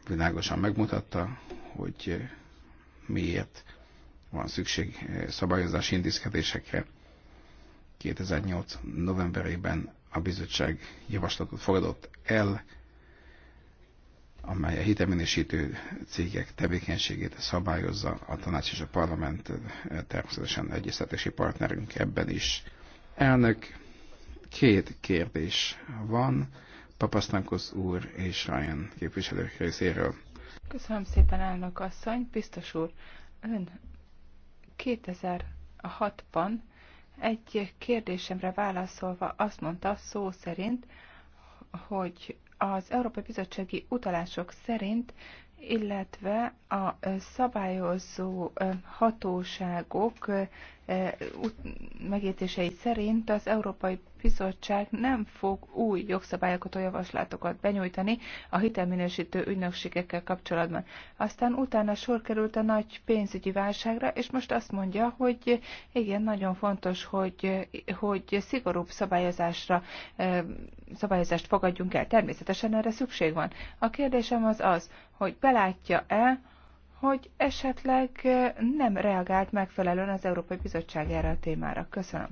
világosan megmutatta, hogy miért van szükség szabályozási intézkedésekre. 2008. novemberében a bizottság javaslatot fogadott el, amely a hitelminősítő cégek tevékenységét szabályozza. A tanács és a parlament természetesen egyeztetési partnerünk ebben is. Elnök, két kérdés van Papasztankosz úr és Ryan képviselők részéről. Köszönöm szépen, elnök asszony. Biztos úr, ön 2006-ban egy kérdésemre válaszolva azt mondta szó szerint, hogy az Európai Bizottsági utalások szerint, illetve a szabályozó hatóságok megértéseit szerint az Európai Bizottság nem fog új jogszabályokat, javaslatokat benyújtani a hitelminősítő ügynökségekkel kapcsolatban. Aztán utána sor került a nagy pénzügyi válságra, és most azt mondja, hogy igen, nagyon fontos, hogy, hogy szigorúbb szabályozásra, szabályozást fogadjunk el. Természetesen erre szükség van. A kérdésem az az, hogy belátja-e, hogy esetleg nem reagált megfelelően az Európai Bizottság erre a témára. Köszönöm.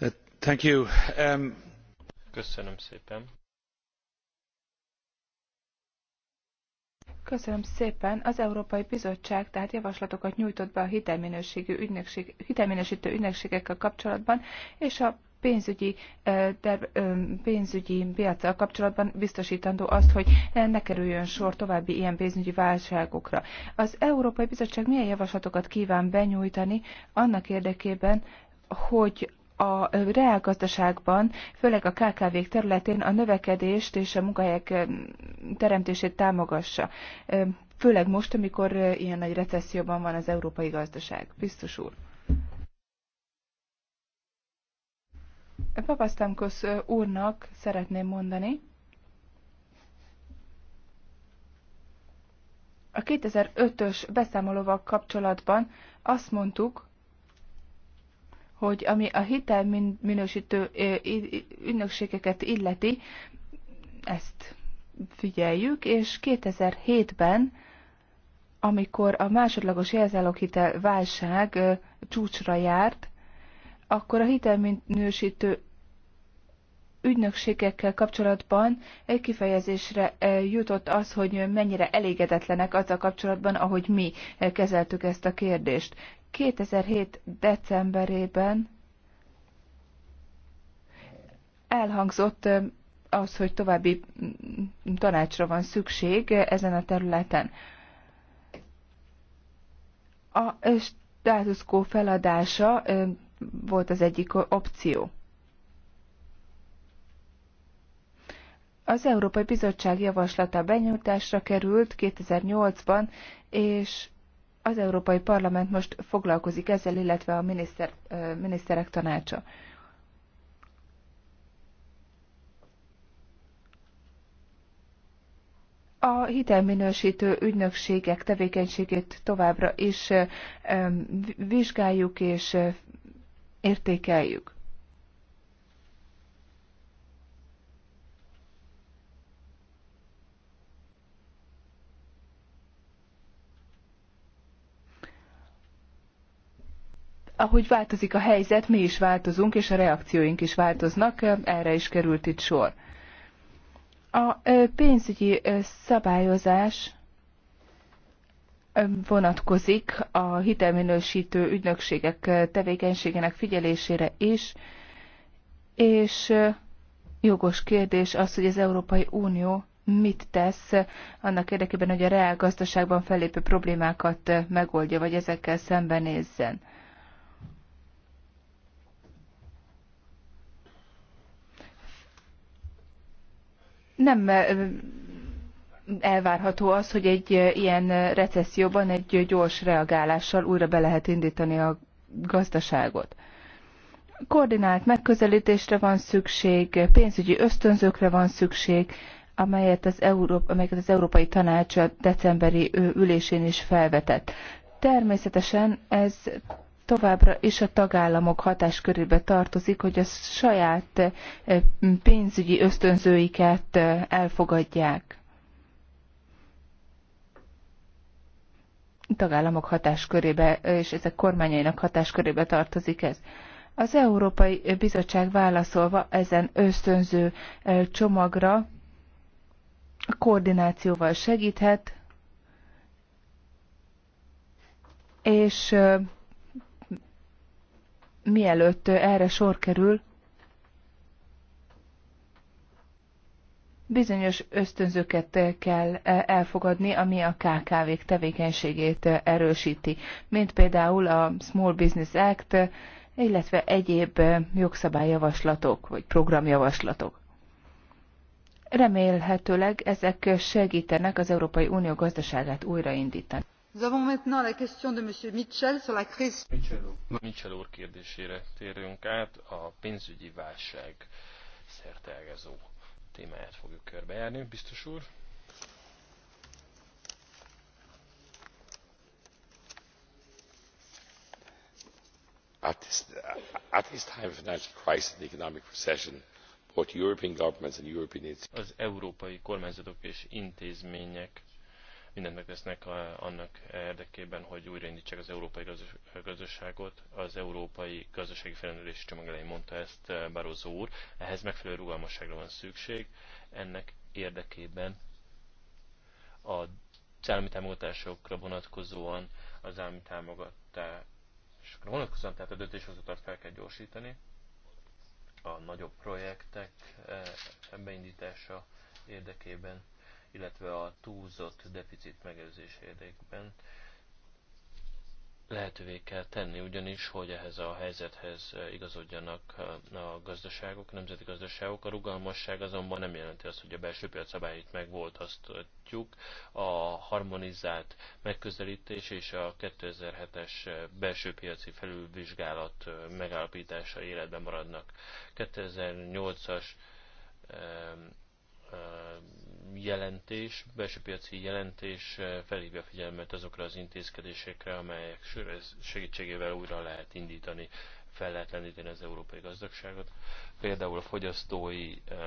Uh, thank you. Um... Köszönöm szépen. Köszönöm szépen. Az Európai Bizottság tehát javaslatokat nyújtott be a hitelminőségű ügynökség, hitelminősítő ügynökségekkel kapcsolatban, és a pénzügyi, terv, pénzügyi piacsal kapcsolatban biztosítandó azt, hogy ne kerüljön sor további ilyen pénzügyi válságokra. Az Európai Bizottság milyen javaslatokat kíván benyújtani annak érdekében, hogy a reálgazdaságban, főleg a kkv területén a növekedést és a munkahelyek teremtését támogassa. Főleg most, amikor ilyen nagy recesszióban van az európai gazdaság. Biztos úr. Papasztamkosz úrnak szeretném mondani, a 2005-ös beszámolóval kapcsolatban azt mondtuk, hogy ami a hitelminősítő ünnökségeket illeti, ezt figyeljük, és 2007-ben, amikor a másodlagos jelzáloghitel válság csúcsra járt, akkor a hitelminősítő ügynökségekkel kapcsolatban egy kifejezésre eh, jutott az, hogy mennyire elégedetlenek azzal kapcsolatban, ahogy mi eh, kezeltük ezt a kérdést. 2007. decemberében elhangzott eh, az, hogy további mm, tanácsra van szükség ezen a területen. A státuszkó feladása volt az egyik opció. Az Európai Bizottság javaslata benyújtásra került 2008-ban, és az Európai Parlament most foglalkozik ezzel, illetve a miniszter, miniszterek tanácsa. a hitelminősítő ügynökségek tevékenységét továbbra is vizsgáljuk és értékeljük. ahogy változik a helyzet, mi is változunk, és a reakcióink is változnak, erre is került itt sor. A pénzügyi szabályozás vonatkozik a hitelminősítő ügynökségek tevékenységének figyelésére is, és jogos kérdés az, hogy az Európai Unió mit tesz annak érdekében, hogy a reálgazdaságban fellépő problémákat megoldja, vagy ezekkel szembenézzen. nem elvárható az, hogy egy ilyen recesszióban egy gyors reagálással újra be lehet indítani a gazdaságot. Koordinált megközelítésre van szükség, pénzügyi ösztönzőkre van szükség, amelyet az Európa, amelyet az Európai Tanács a decemberi ülésén is felvetett. Természetesen ez továbbra is a tagállamok hatáskörébe tartozik, hogy a saját eh, pénzügyi ösztönzőiket eh, elfogadják. tagállamok hatáskörébe, eh, és ezek kormányainak hatáskörébe tartozik ez. Az Európai Bizottság válaszolva ezen ösztönző csomagra koordinációval segíthet, és mielőtt erre sor bizonyos ösztönzőket kell elfogadni, ami a KKV-k tevékenységét erősíti, mint például a Small Business Act, illetve egyéb jogszabályjavaslatok vagy programjavaslatok. Remélhetőleg ezek segítenek az Európai Unió gazdaságát újraindítani. Mitchell úr kérdésére térünk át, a pénzügyi válság szerteágazó témáját fogjuk körbejárni, biztos úr. At this, at this time of financial crisis and economic recession, both European governments and European institutions. Az európai kormányzatok és intézmények mindent megtesznek annak érdekében, hogy újraindítsák az európai gazdaságot. Az európai gazdasági felelősségi csomag elején mondta ezt eh, barózó úr. Ehhez megfelelő rugalmasságra van szükség. Ennek érdekében a állami támogatásokra vonatkozóan az állami támogatásokra vonatkozóan, tehát a döntéshozatot fel kell gyorsítani. A nagyobb projektek eh, beindítása érdekében illetve a túlzott deficit megelőzés érdekében lehetővé kell tenni, ugyanis, hogy ehhez a helyzethez igazodjanak a gazdaságok, a nemzeti gazdaságok. A rugalmasság azonban nem jelenti azt, hogy a belső piac szabályait megvolt, azt tudjuk. A harmonizált megközelítés és a 2007-es belső piaci felülvizsgálat megállapítása életben maradnak. 2008-as jelentés, belső piaci jelentés eh, felhívja figyelmet azokra az intézkedésekre, amelyek segítségével újra lehet indítani, fel lehet lendíteni az európai gazdagságot. Például a fogyasztói eh,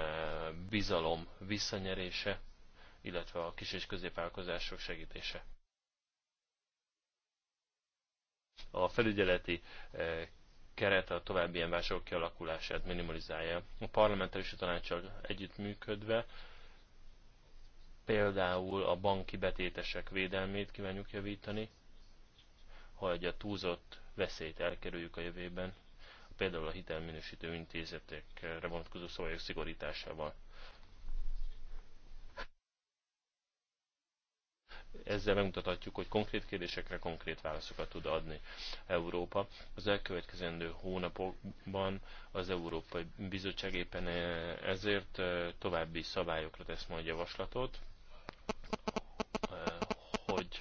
bizalom visszanyerése, illetve a kis- és középvállalkozások segítése. A felügyeleti eh, keret a további ilyen kialakulását minimalizálja. A parlamentális és a együttműködve Például a banki betétesek védelmét kívánjuk javítani, hogy a túlzott veszélyt elkerüljük a jövőben, például a hitelminősítő intézetekre vonatkozó szabályok szigorításával. ezzel megmutathatjuk, hogy konkrét kérdésekre konkrét válaszokat tud adni Európa. Az elkövetkezendő hónapokban az Európai Bizottság éppen eh, ezért eh, további szabályokra tesz majd javaslatot, hogy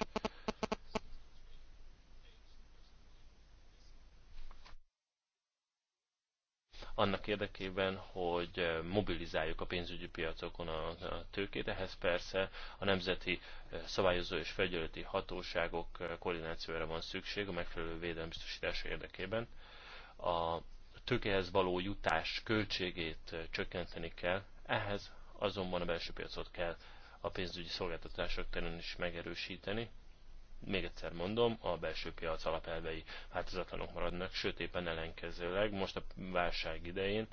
annak érdekében, hogy mobilizáljuk a pénzügyi piacokon a tőkét, ehhez persze a nemzeti szabályozó és felgyelőti hatóságok koordinációra van szükség a megfelelő védelembiztosítása érdekében. A tőkehez való jutás költségét csökkenteni kell, ehhez azonban a belső piacot kell a pénzügyi szolgáltatások terén is megerősíteni. Még egyszer mondom, a belső piac alapelvei változatlanok maradnak, sőt éppen ellenkezőleg most a válság idején,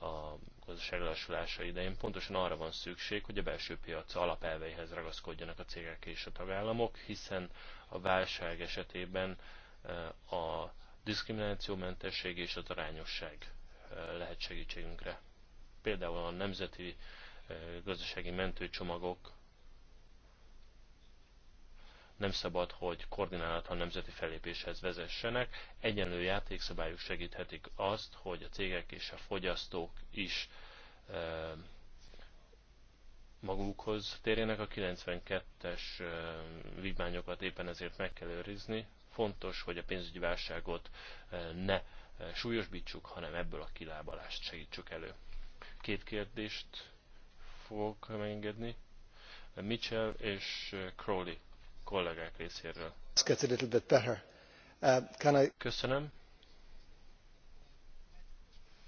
a gazdaság lassulása idején pontosan arra van szükség, hogy a belső piac alapelveihez ragaszkodjanak a cégek és a tagállamok, hiszen a válság esetében eh, a diszkriminációmentesség és az arányosság eh, lehet segítségünkre. Például a nemzeti gazdasági mentőcsomagok nem szabad, hogy koordinálatlan nemzeti felépéshez vezessenek. Egyenlő játékszabályok segíthetik azt, hogy a cégek és a fogyasztók is e, magukhoz térjenek. A 92-es e, vívmányokat éppen ezért meg kell őrizni. Fontos, hogy a pénzügyi válságot e, ne súlyosbítsuk, hanem ebből a kilábalást segítsük elő. Két kérdést fogok megengedni. Mitchell és eh, Crowley kollégák részéről. Uh, Köszönöm.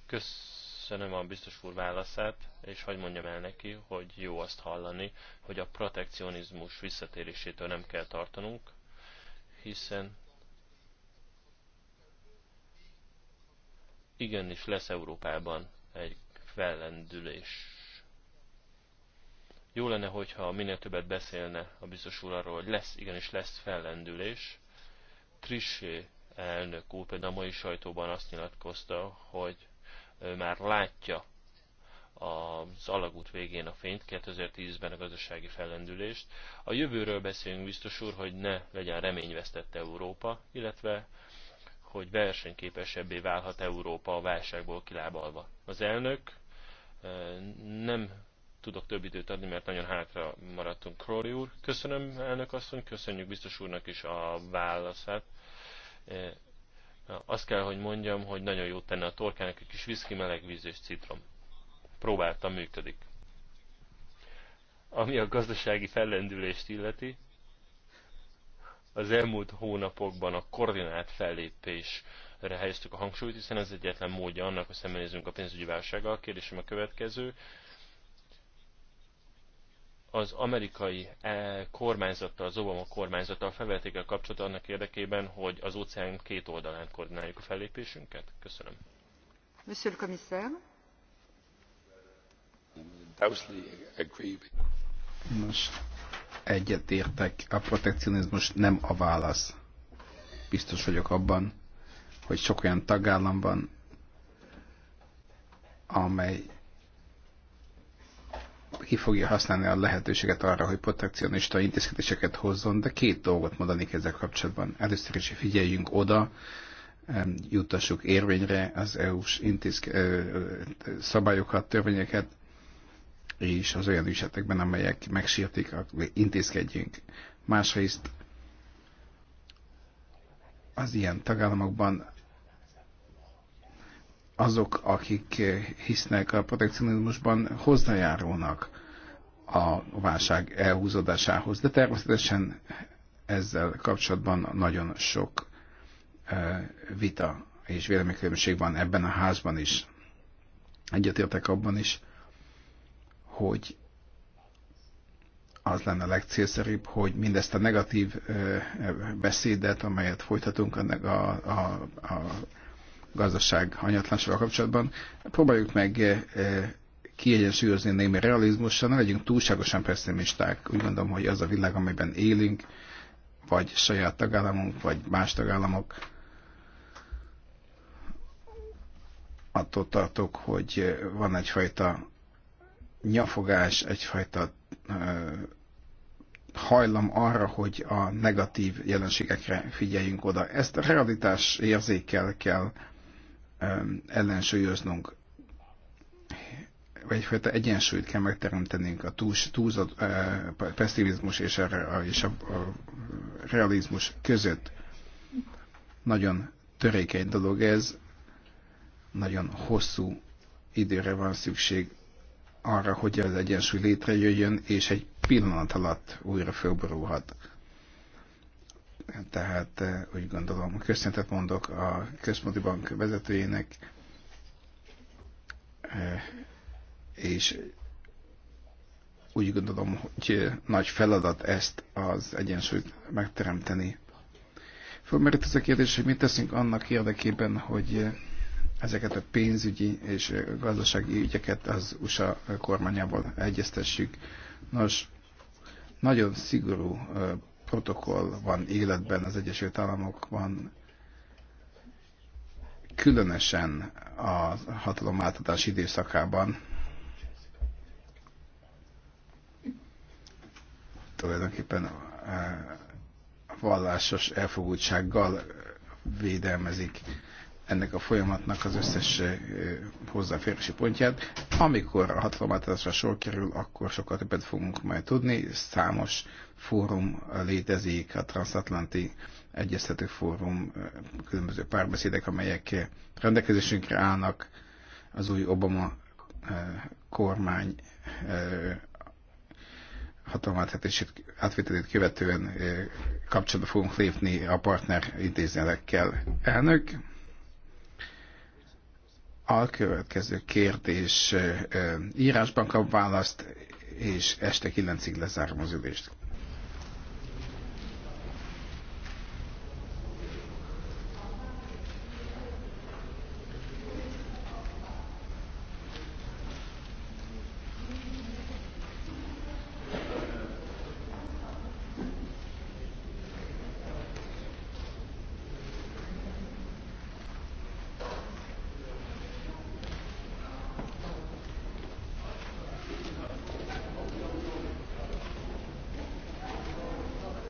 Köszönöm a biztos úr válaszát, és hagyd mondjam el neki, hogy jó azt hallani, hogy a protekcionizmus visszatérésétől nem kell tartanunk, hiszen igenis lesz Európában egy fellendülés jó lenne, hogyha minél többet beszélne a biztos úr arról, hogy lesz, igenis lesz fellendülés. Trissé elnök úr például a mai sajtóban azt nyilatkozta, hogy ő már látja az alagút végén a fényt, 2010-ben a gazdasági fellendülést. A jövőről beszélünk biztos úr, hogy ne legyen reményvesztett Európa, illetve hogy versenyképesebbé válhat Európa a válságból kilábalva. Az elnök nem tudok több időt adni, mert nagyon hátra maradtunk. Crowley úr, köszönöm elnök asszony, köszönjük biztos úrnak is a válaszát. E, azt kell, hogy mondjam, hogy nagyon jót tenne a torkának egy kis viszki, meleg víz és citrom. Próbáltam, működik. Ami a gazdasági fellendülést illeti, az elmúlt hónapokban a koordinált fellépésre helyeztük a hangsúlyt, hiszen ez egyetlen módja annak, hogy szembenézünk a pénzügyi válsággal. A kérdésem a következő az amerikai eh, kormányzattal, az Obama kormányzattal felvették a kapcsolatot annak érdekében, hogy az óceán két oldalán koordináljuk a fellépésünket? Köszönöm. Monsieur le commissaire. Most egyetértek, a protekcionizmus nem a válasz. Biztos vagyok abban, hogy sok olyan tagállam van, amely ki fogja használni a lehetőséget arra, hogy protekcionista intézkedéseket hozzon, de két dolgot mondanék ezzel kapcsolatban. Először is figyeljünk oda, jutassuk érvényre az EU-s intézk- szabályokat, törvényeket, és az olyan ügyetekben, amelyek megsértik, intézkedjünk. Másrészt az ilyen tagállamokban azok, akik eh, hisznek a protekcionizmusban, hozzájárulnak a válság elhúzódásához. De természetesen ezzel kapcsolatban nagyon sok eh, vita és véleménykülönbség van ebben a házban is. Egyetértek abban is, hogy az lenne a legcélszerűbb, hogy mindezt a negatív eh, beszédet, amelyet folytatunk a, a, a, a gazdaság hanyatlansával kapcsolatban. Próbáljuk meg eh, eh, kiegyensúlyozni némi realizmussal, ne legyünk túlságosan pessimisták. Úgy gondolom, hogy az a világ, amiben élünk, vagy saját tagállamunk, vagy más tagállamok, attól tartok, hogy eh, van egyfajta nyafogás, egyfajta hajlam arra, hogy a negatív jelenségekre figyeljünk oda. Ezt a realitás érzékel kell ellensúlyoznunk egyfajta egyensúlyt kell megteremtenünk a túls, túlzott eh, pessimizmus és a, és a, a realizmus között. Nagyon törékeny dolog ez, nagyon hosszú időre van szükség arra, hogy az egyensúly létrejöjjön, és egy pillanat alatt újra felborulhat tehát eh, úgy gondolom, köszöntet mondok a Központi Bank vezetőjének, eh, és úgy gondolom, hogy eh, nagy feladat ezt az egyensúlyt megteremteni. Fölmerült ez a kérdés, hogy mit teszünk annak érdekében, hogy ezeket a pénzügyi és gazdasági ügyeket az USA kormányával egyeztessük. Nos, nagyon szigorú protokoll van életben az Egyesült Államokban, különösen a hatalomátadás időszakában tulajdonképpen eh, vallásos elfogultsággal védelmezik ennek a folyamatnak az összes hozzáférési pontját. Amikor a hatalomátadásra sor kerül, akkor sokkal többet fogunk majd tudni. Számos fórum létezik, a transatlanti egyeztető fórum, különböző párbeszédek, amelyek rendelkezésünkre állnak. Az új Obama kormány hatalmáthetését átvételét követően kapcsolatba fogunk lépni a partner intézményekkel. Elnök, a következő kérdés írásban kap választ, és este 9-ig lezárom az ülést.